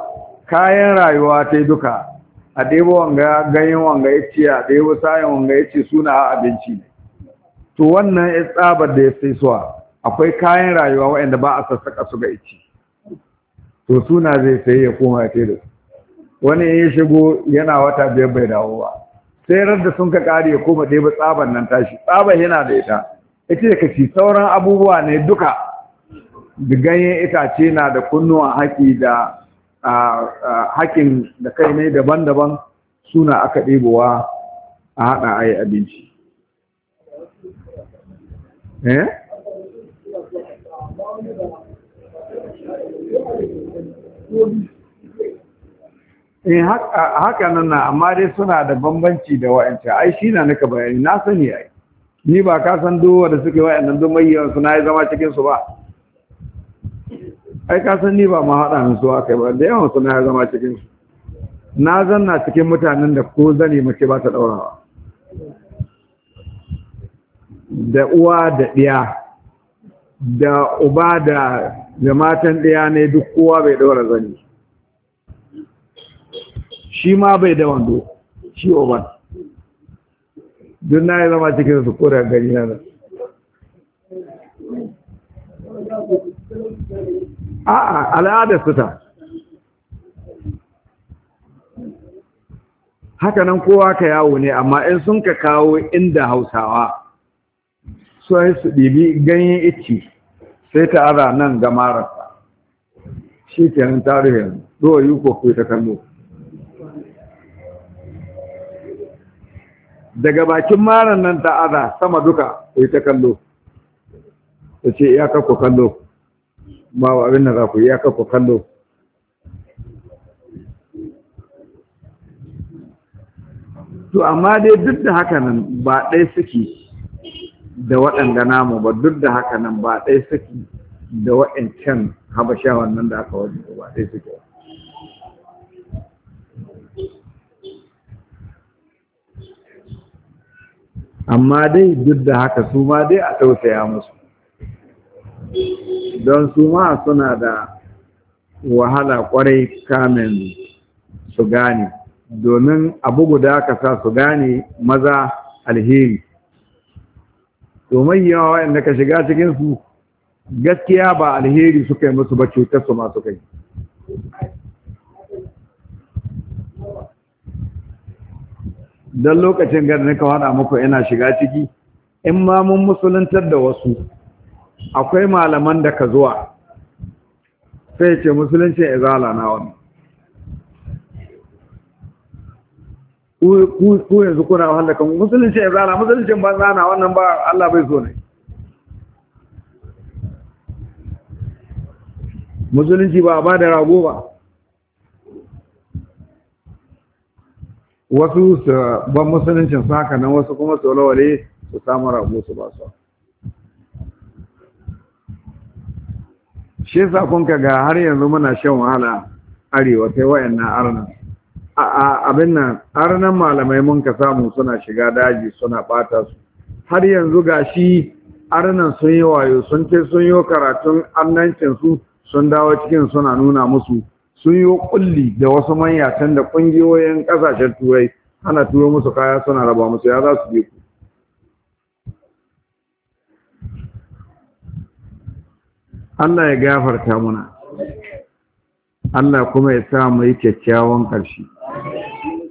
[SPEAKER 1] kayan rayuwa ta duka a ɗebo wanga ganyen wanga ya ce a ɗebo sayan wanga ya ce suna a abinci ne to wannan ya tsabar da ya sai suwa akwai kayan rayuwa waɗanda ba a sassaka su ga ici to suna zai sai ya koma ya da wani ya shigo yana wata biyar bai dawo ba sai radda sun ka kare ko koma ɗaya ba tsaban nan tashi tsaban yana da ita ita da kaci sauran abubuwa ne duka da ganyen itace na da kunnuwan haƙi da haƙin da kai ne daban-daban suna aka ɗebowa a haɗa a yi abinci eh in eh, haka nan na amma dai suna da bambanci da wa'ancan ai shi na naka bayani na sani ai ni ba ka san dowa da suke wa'annan don mayyawan suna ya zama cikin su ba ai ka san ni ba ma haɗa min su aka ba da yawan suna ya zama cikin su na zanna cikin mutanen da ko zane mace ba ta ɗaurawa da uwa da ɗiya da uba da matan ɗiya ne duk kowa bai ɗaura zane shi ma bai da wando shi oban duk na zama cikin su koren gari na a a'a al'adar su ta haka nan kowa ka yawo ne amma in sun ka kawo inda hausawa su su ɗibi ganyen ici sai ta ara nan ga marasa shi nan tarihin ruwa yi ko ta kallo daga bakin maran nan ta aza sama duka ku yi ta kallo ta ce iyakar ku kallo ba abin da za ku iyakar ku kallo to amma dai duk da haka nan ba ɗaya suke da waɗanda namu ba duk da haka nan ba ɗaya suke da waɗancan habashawan nan da aka wajen ba ɗaya suke ba amma dai duk da haka su ma dai a tausaya musu don su ma suna da wahala kwarai kamin su gane domin abu guda ka sa su gane maza alheri domin yawa wa'anda ka shiga cikinsu gaskiya ba alheri suka yi musu ba cutar su ma masu kai don lokacin garin nika haɗa muku ina shiga ciki in ma mun musuluntar da wasu akwai malaman da ka zuwa sai ce musuluncin zala na wani ku yanzu kuna wahala kan musuluncin zala musuluncin banza na wannan ba Allah bai zo ne musulunci ba ba da rago ba wasu su ban musuluncin su haka nan wasu kuma su walwale su samu rabu su ba su shi yasa kun ga har yanzu muna shan wahala arewa sai arna. arnan abin nan arnan malamai mun ka samu suna shiga daji suna bata su har yanzu ga shi arnan sun yi wayo sun ce sun yi karatun annancin su sun dawo cikin suna nuna musu sun yi kulli da wasu manya can da ƙungiyoyin ƙasashen turai ana turo musu kaya suna raba musu ya za su je ku Allah ya gafarta muna Allah kuma ya sa mu yi kyakkyawan ƙarshe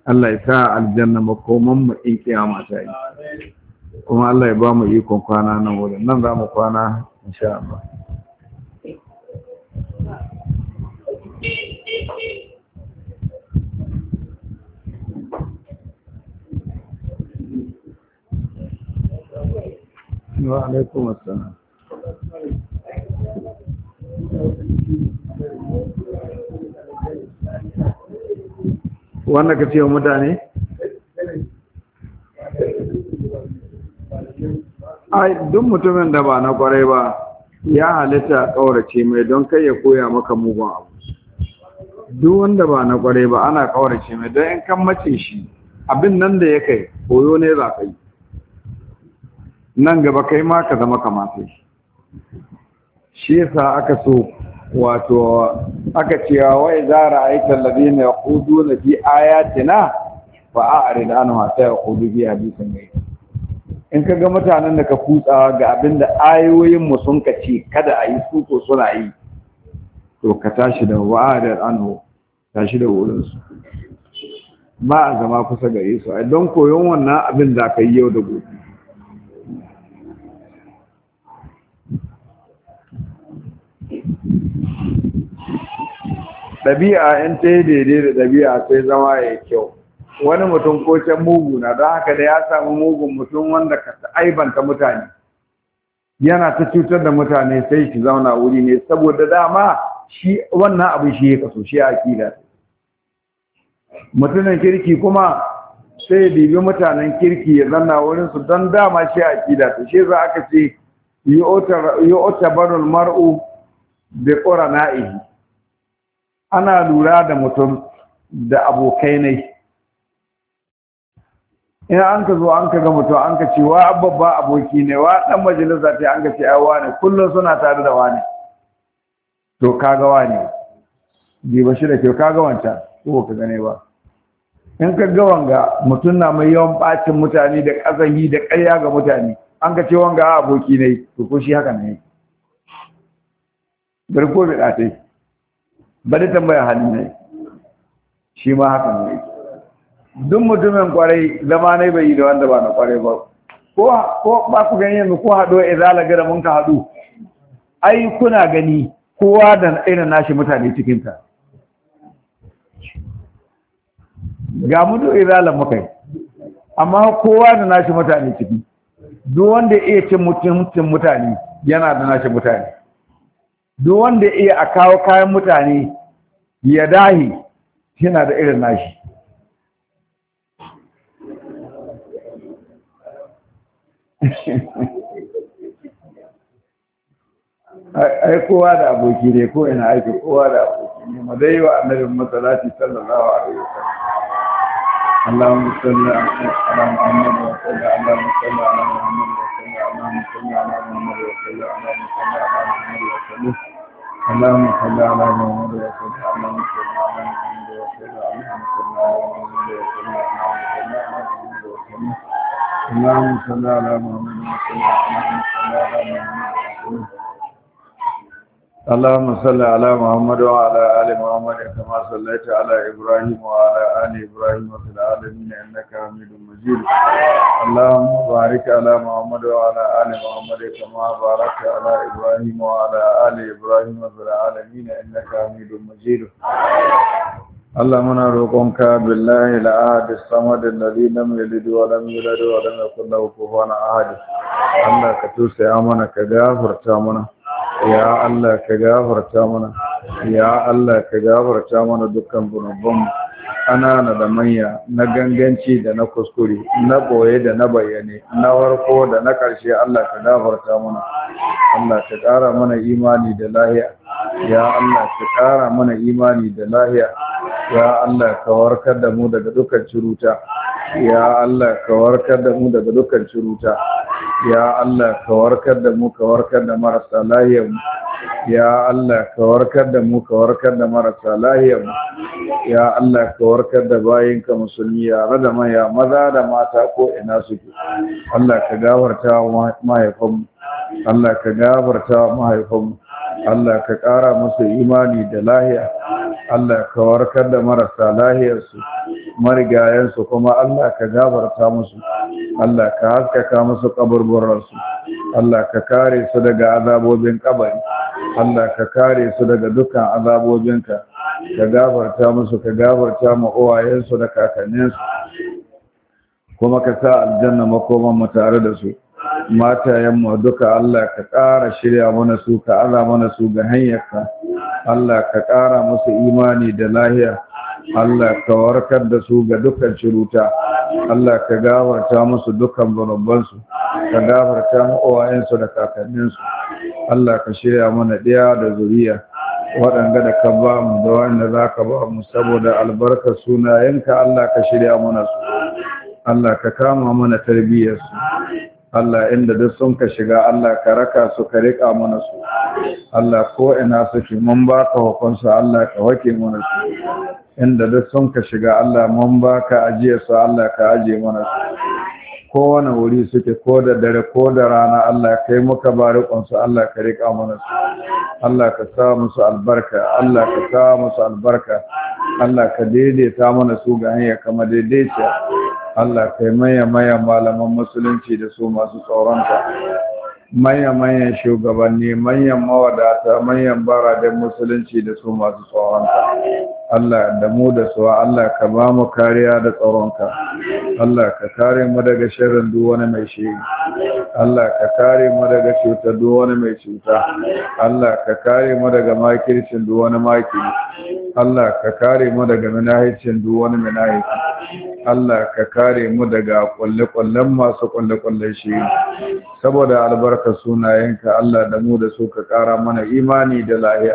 [SPEAKER 2] Allah ya sa
[SPEAKER 1] aljanna makoman mu in kiyama ta
[SPEAKER 2] yi
[SPEAKER 1] kuma Allah ya ba mu ikon kwana nan wurin nan za mu kwana insha Allah Wannan ka ce mutane ai duk mutumin da ba na kwarai ba ya halitta ƙaurace mai don kai ya koya maka mugun abu duk wanda ba na kware ba ana ce mai don in kan mace shi abin nan da ya kai koyo ne za ka yi nan gaba kai ma ka zama kamata shi yasa aka so wato aka cewa wai zara aikin ladina ya kudu na fi ayatina ba a are da ana hasa ya kudu biya bisa mai in ka ga mutanen da ka kutsa ga abin da ayoyin mu sun kace kada a yi su suna yi to ka tashi da wa'adar anhu tashi da wurinsu ba a zama kusa ga su ai don koyon wannan abin da ka yi yau da gobe ɗabi'a in ta yi daidai da ɗabi'a sai zama ya yi kyau wani mutum ko can mugu na don haka da ya sami mugun mutum wanda ka aibanta mutane yana ta cutar da mutane sai shi zauna wuri ne saboda dama shi wannan abin shi ya kaso shi a akida mutunan kirki kuma sai bibi mutanen kirki ya zanna wurin su don dama shi a akida to shi za aka ce barul mar'u da bi na'ihi ana lura da mutum da abokai ne in an ka zo an ka ga mutum an ka ce wa babba aboki ne wa dan majalisa ce an ka ce ai ne kullum suna tare da wani to kaga wani diba shi da ke kaga wancan ko ka gane ba in ka ga wanga mutum na mai yawan bacin mutane da azahi da ƙarya ga mutane an ka ce wanga a aboki ne to ko shi haka ne garko da ɗatai ba da tambaya halin ne shi ma haka ne duk mutumin kwarai zama ne bai yi da wanda ba na kwarai ba ko ba ku gani yanzu ko haɗo izala eh, gara mun ka haɗu ai kuna gani kowa da irin nashi mutane cikinta ga mudu iralan muka yi amma kowa da nashi mutane ciki duk wanda iya cin mutuncin mutane yana da nashi mutane duk wanda iya a kawo kayan mutane ya dahi yana da irin nashi Thank you. ai kowa da aboki ne ko ina aiki kowa da aboki ne ma dai wa annabi masalati sallallahu alaihi wa sallam Allahu musalli ala wa sallam Allahu musalli ala wa sallam
[SPEAKER 2] Allahu musalli ala wa sallam Allahu musalli ala wa sallam Allahu musalli ala wa sallam اللهم صل على
[SPEAKER 1] محمد وعلى اللهم صل على محمد وعلى آل محمد كما صليت على إبراهيم وعلى آل إبراهيم في العالمين إنك حميد مجيد اللهم بارك على محمد وعلى آل محمد كما باركت على إبراهيم وعلى آل إبراهيم في العالمين إنك حميد مجيد اللهم نروقك بالله الأحد الصمد الذي لم يلد ولم يولد ولم يكن له كفوا أحد الله كتوسع منا كجافر تامنا ya Allah ka gafarta mana ya Allah ka gafarta mana dukkan gunubanmu ƙanana da manya na ganganci da na kuskure na boye da na bayyane na farko da na ƙarshe Allah ka gafarta mana Allah ka ƙara mana imani da lahiya ya Allah ka ƙara mana imani da lahiya ya Allah ka warkar da mu daga dukkan ciruta ya Allah ka warkar da mu daga dukkan ciruta ya Allah ka warkar da mu ka warkar da marasa lahiyar mu ya Allah ka warkar da mu ka warkar da marasa lahiyar mu ya Allah ka warkar da bayinka musulmi yare da maya maza da mata ko ina suke Allah ka gafarta wa mahaifanmu Allah ka gafarta wa mahaifanmu Allah ka ƙara musu imani da lahiya Allah ka warkar da marasa lahiyarsu marigayensu kuma Allah ka gabarta musu Allah ka haskaka musu kaburburarsu Allah ka kare su daga azabobin kabari Allah ka kare su daga dukkan azabobinka ka gafarta musu ka gafarta ma uwayensu da kakanninsu kuma ka sa aljanna makoman mu tare da su matayenmu duka Allah ka ƙara shirya mana su ka aza mana su ga hanyarka Allah ka ƙara musu imani da lahiya Allah ka warkar da su ga dukkan shiruta Allah ka gafarta musu dukkan su, ka gafarta uwayensu da kakanninsu Allah ka shirya mana ɗaya da zuriya waɗanda da ka ba mu da wanda za ka ba mu saboda albarkar sunayenka Allah ka shirya mana su Allah ka kama mana tarbiyyarsu Allah inda duk sun ka shiga Allah ka raka su ka rika mana su Allah ko ina suke mun ba ka su Allah ka wake mana su inda duk sun ka shiga Allah mun ba ka su Allah ka ajiye mana su kowane wuri suke ko da dare ko da rana Allah kai muka barikonsu Allah ka riƙa mana su Allah ka sa musu albarka Allah ka sa musu albarka Allah ka daidaita mana su ga hanya kama daidaita Allah kai maya maya malaman musulunci da su masu tsoronka manya-manyan shugabanni manyan mawadata manyan baradin musulunci da su masu tsoronka Allah da mu da su Allah ka ba mu kariya da tsoronka Allah ka kare mu daga sharrin duk wani mai shi Allah ka kare mu daga cuta duk wani mai cuta Allah ka kare mu daga makircin duk wani maki Allah ka kare mu daga minahicin duk wani minahici Allah ka kare mu daga kwalle-kwallen masu kwalle-kwallen shi saboda albarka sunayenka Allah da mu da su ka kara mana imani da lahiya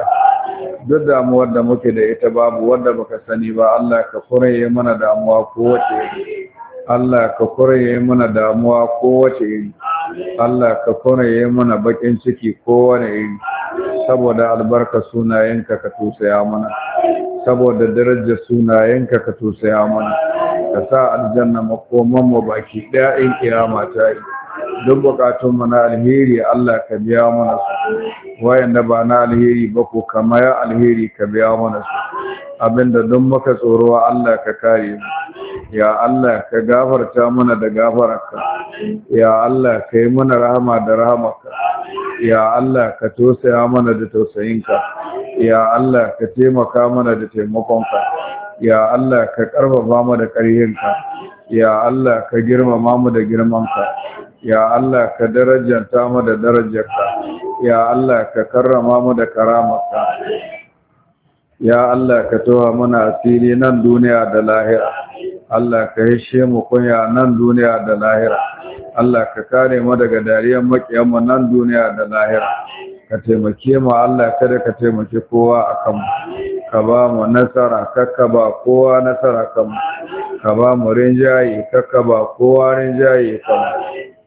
[SPEAKER 1] duk damuwar da muke da ita babu wanda baka sani ba Allah ka kuraye mana damuwa wace Allah ka kuraye mana damuwa ko iri Allah ka kuraye mana bakin ciki ko iri saboda albarka sunayenka ka tusaya mana saboda darajar sunayenka ka tusaya mana ka sa aljanna makoman mu baki daya in iya ta yi duk bukatun mu na alheri Allah ka biya mana su wayanda ba na alheri ba ko kama ya alheri ka biya mana su abinda duk muka tsoro Allah ka kare mu ya Allah ka gafarta mana da gafararka ya Allah ka yi mana rahama da rahamarka ya Allah ka tausaya mana da tausayinka ya Allah ka taimaka mana da taimakonka ya Allah ka karfafa mu da ka. ya Allah ka girmama mu da girmanka ya Allah ka darajanta mu da darajarka ya Allah ka karrama mu da karamarka ya Allah ka towa mana asiri nan duniya da lahira Allah ka hishe mu kunya nan duniya da lahira Allah ka kare mu daga dariyar mu nan duniya da lahira ka taimake mu Allah kada ka taimake kowa akan mu ka ba mu nasara kakka ba kowa nasara kan ka ba mu rinjaye kakka ba kowa rinjaye kan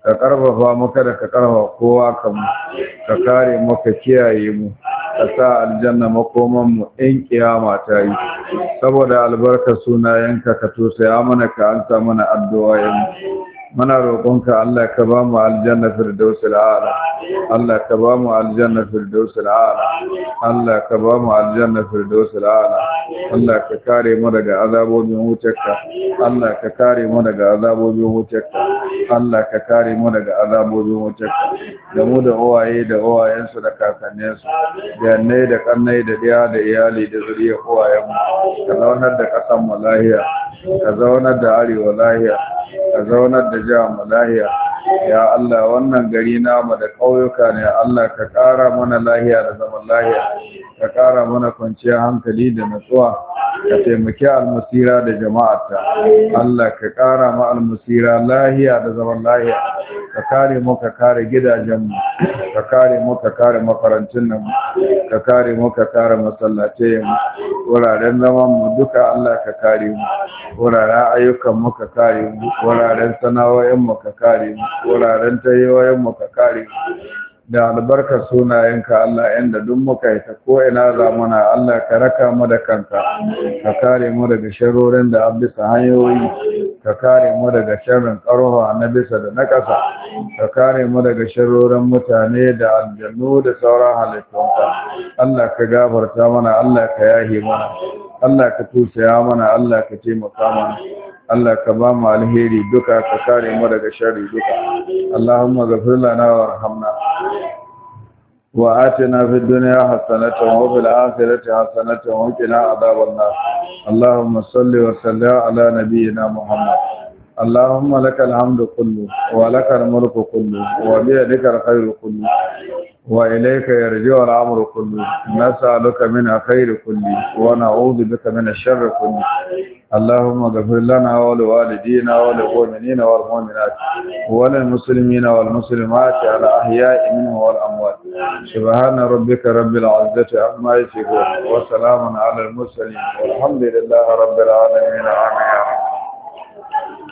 [SPEAKER 1] ka karfafa mu kada ka karfafa kowa kan ka kare mu ka kiyaye mu ka sa aljanna makoman mu in kiyama ta yi saboda albarka sunayen ka tosaya mana ka ansa mana addu'a muna roƙonka Allah ka ba mu aljanna firdausul a'la Allah ka ba mu aljanna firdausul a'la Allah ka ba mu aljanna firdausul a'la Allah ka kare mu daga azabobin wutarka Allah ka kare mu daga azabobin wutarka Allah ka kare mu daga azabobin wutarka da mu da uwaye da uwayensu da kakanninsu da yannai da kannai da diya da iyali da zuriya mu ka zaunar da kasan mu lahiya ka zaunar da arewa lahiya ka zaunar da jihar lahiya ya Allah wannan gari namu da ƙauyuka ne Allah ka ƙara mana lahiya da zaman lahiya ka ƙara mana kwanciyar hankali da natsuwa ka taimaki almasira da jama'ata Allah ka ƙara ma almasira lahiya da zaman lahiya ka kare mu ka kare gidajenmu ka kare mu ka kare makarantun nan ka kare mu ka kare masallatai mu wuraren zaman mu duka Allah ka kare mu wuraren ayyukan mu ka kare mu wuraren sana'o'in mu ka kare mu wuraren tayoyin mu ka kare mu da albarkar sunayenka Allah inda duk muka yi ta ko ina zamana Allah ka raka mu da kanka ka kare mu daga sharorin da an bisa hanyoyi ka kare mu daga sharrin karuwa na bisa da na ƙasa ka kare mu daga sharorin mutane da aljannu da sauran halittunka Allah ka gafarta mana Allah ka yahi mana Allah ka tusaya mana Allah ka taimaka mana Allah ka ba mu alheri duka ka kare mu daga sharri duka Allahumma ghafir lana warhamna وآتنا في الدنيا حسنة وفي الآخرة حسنة وقنا عذاب النار اللهم صل وسلم على نبينا Muhammad. اللهم لك الحمد كله ولك الملك كله وبيدك الخير كله وإليك يرجع الأمر كله نسألك من خير كله ونعوذ بك من الشر كله اللهم اغفر لنا ولوالدينا وللمؤمنين والمؤمنات وللمسلمين والمسلمات على الأحياء منهم والأموات سبحان ربك رب العزة عما يصفون وسلام على المرسلين والحمد لله رب العالمين آمين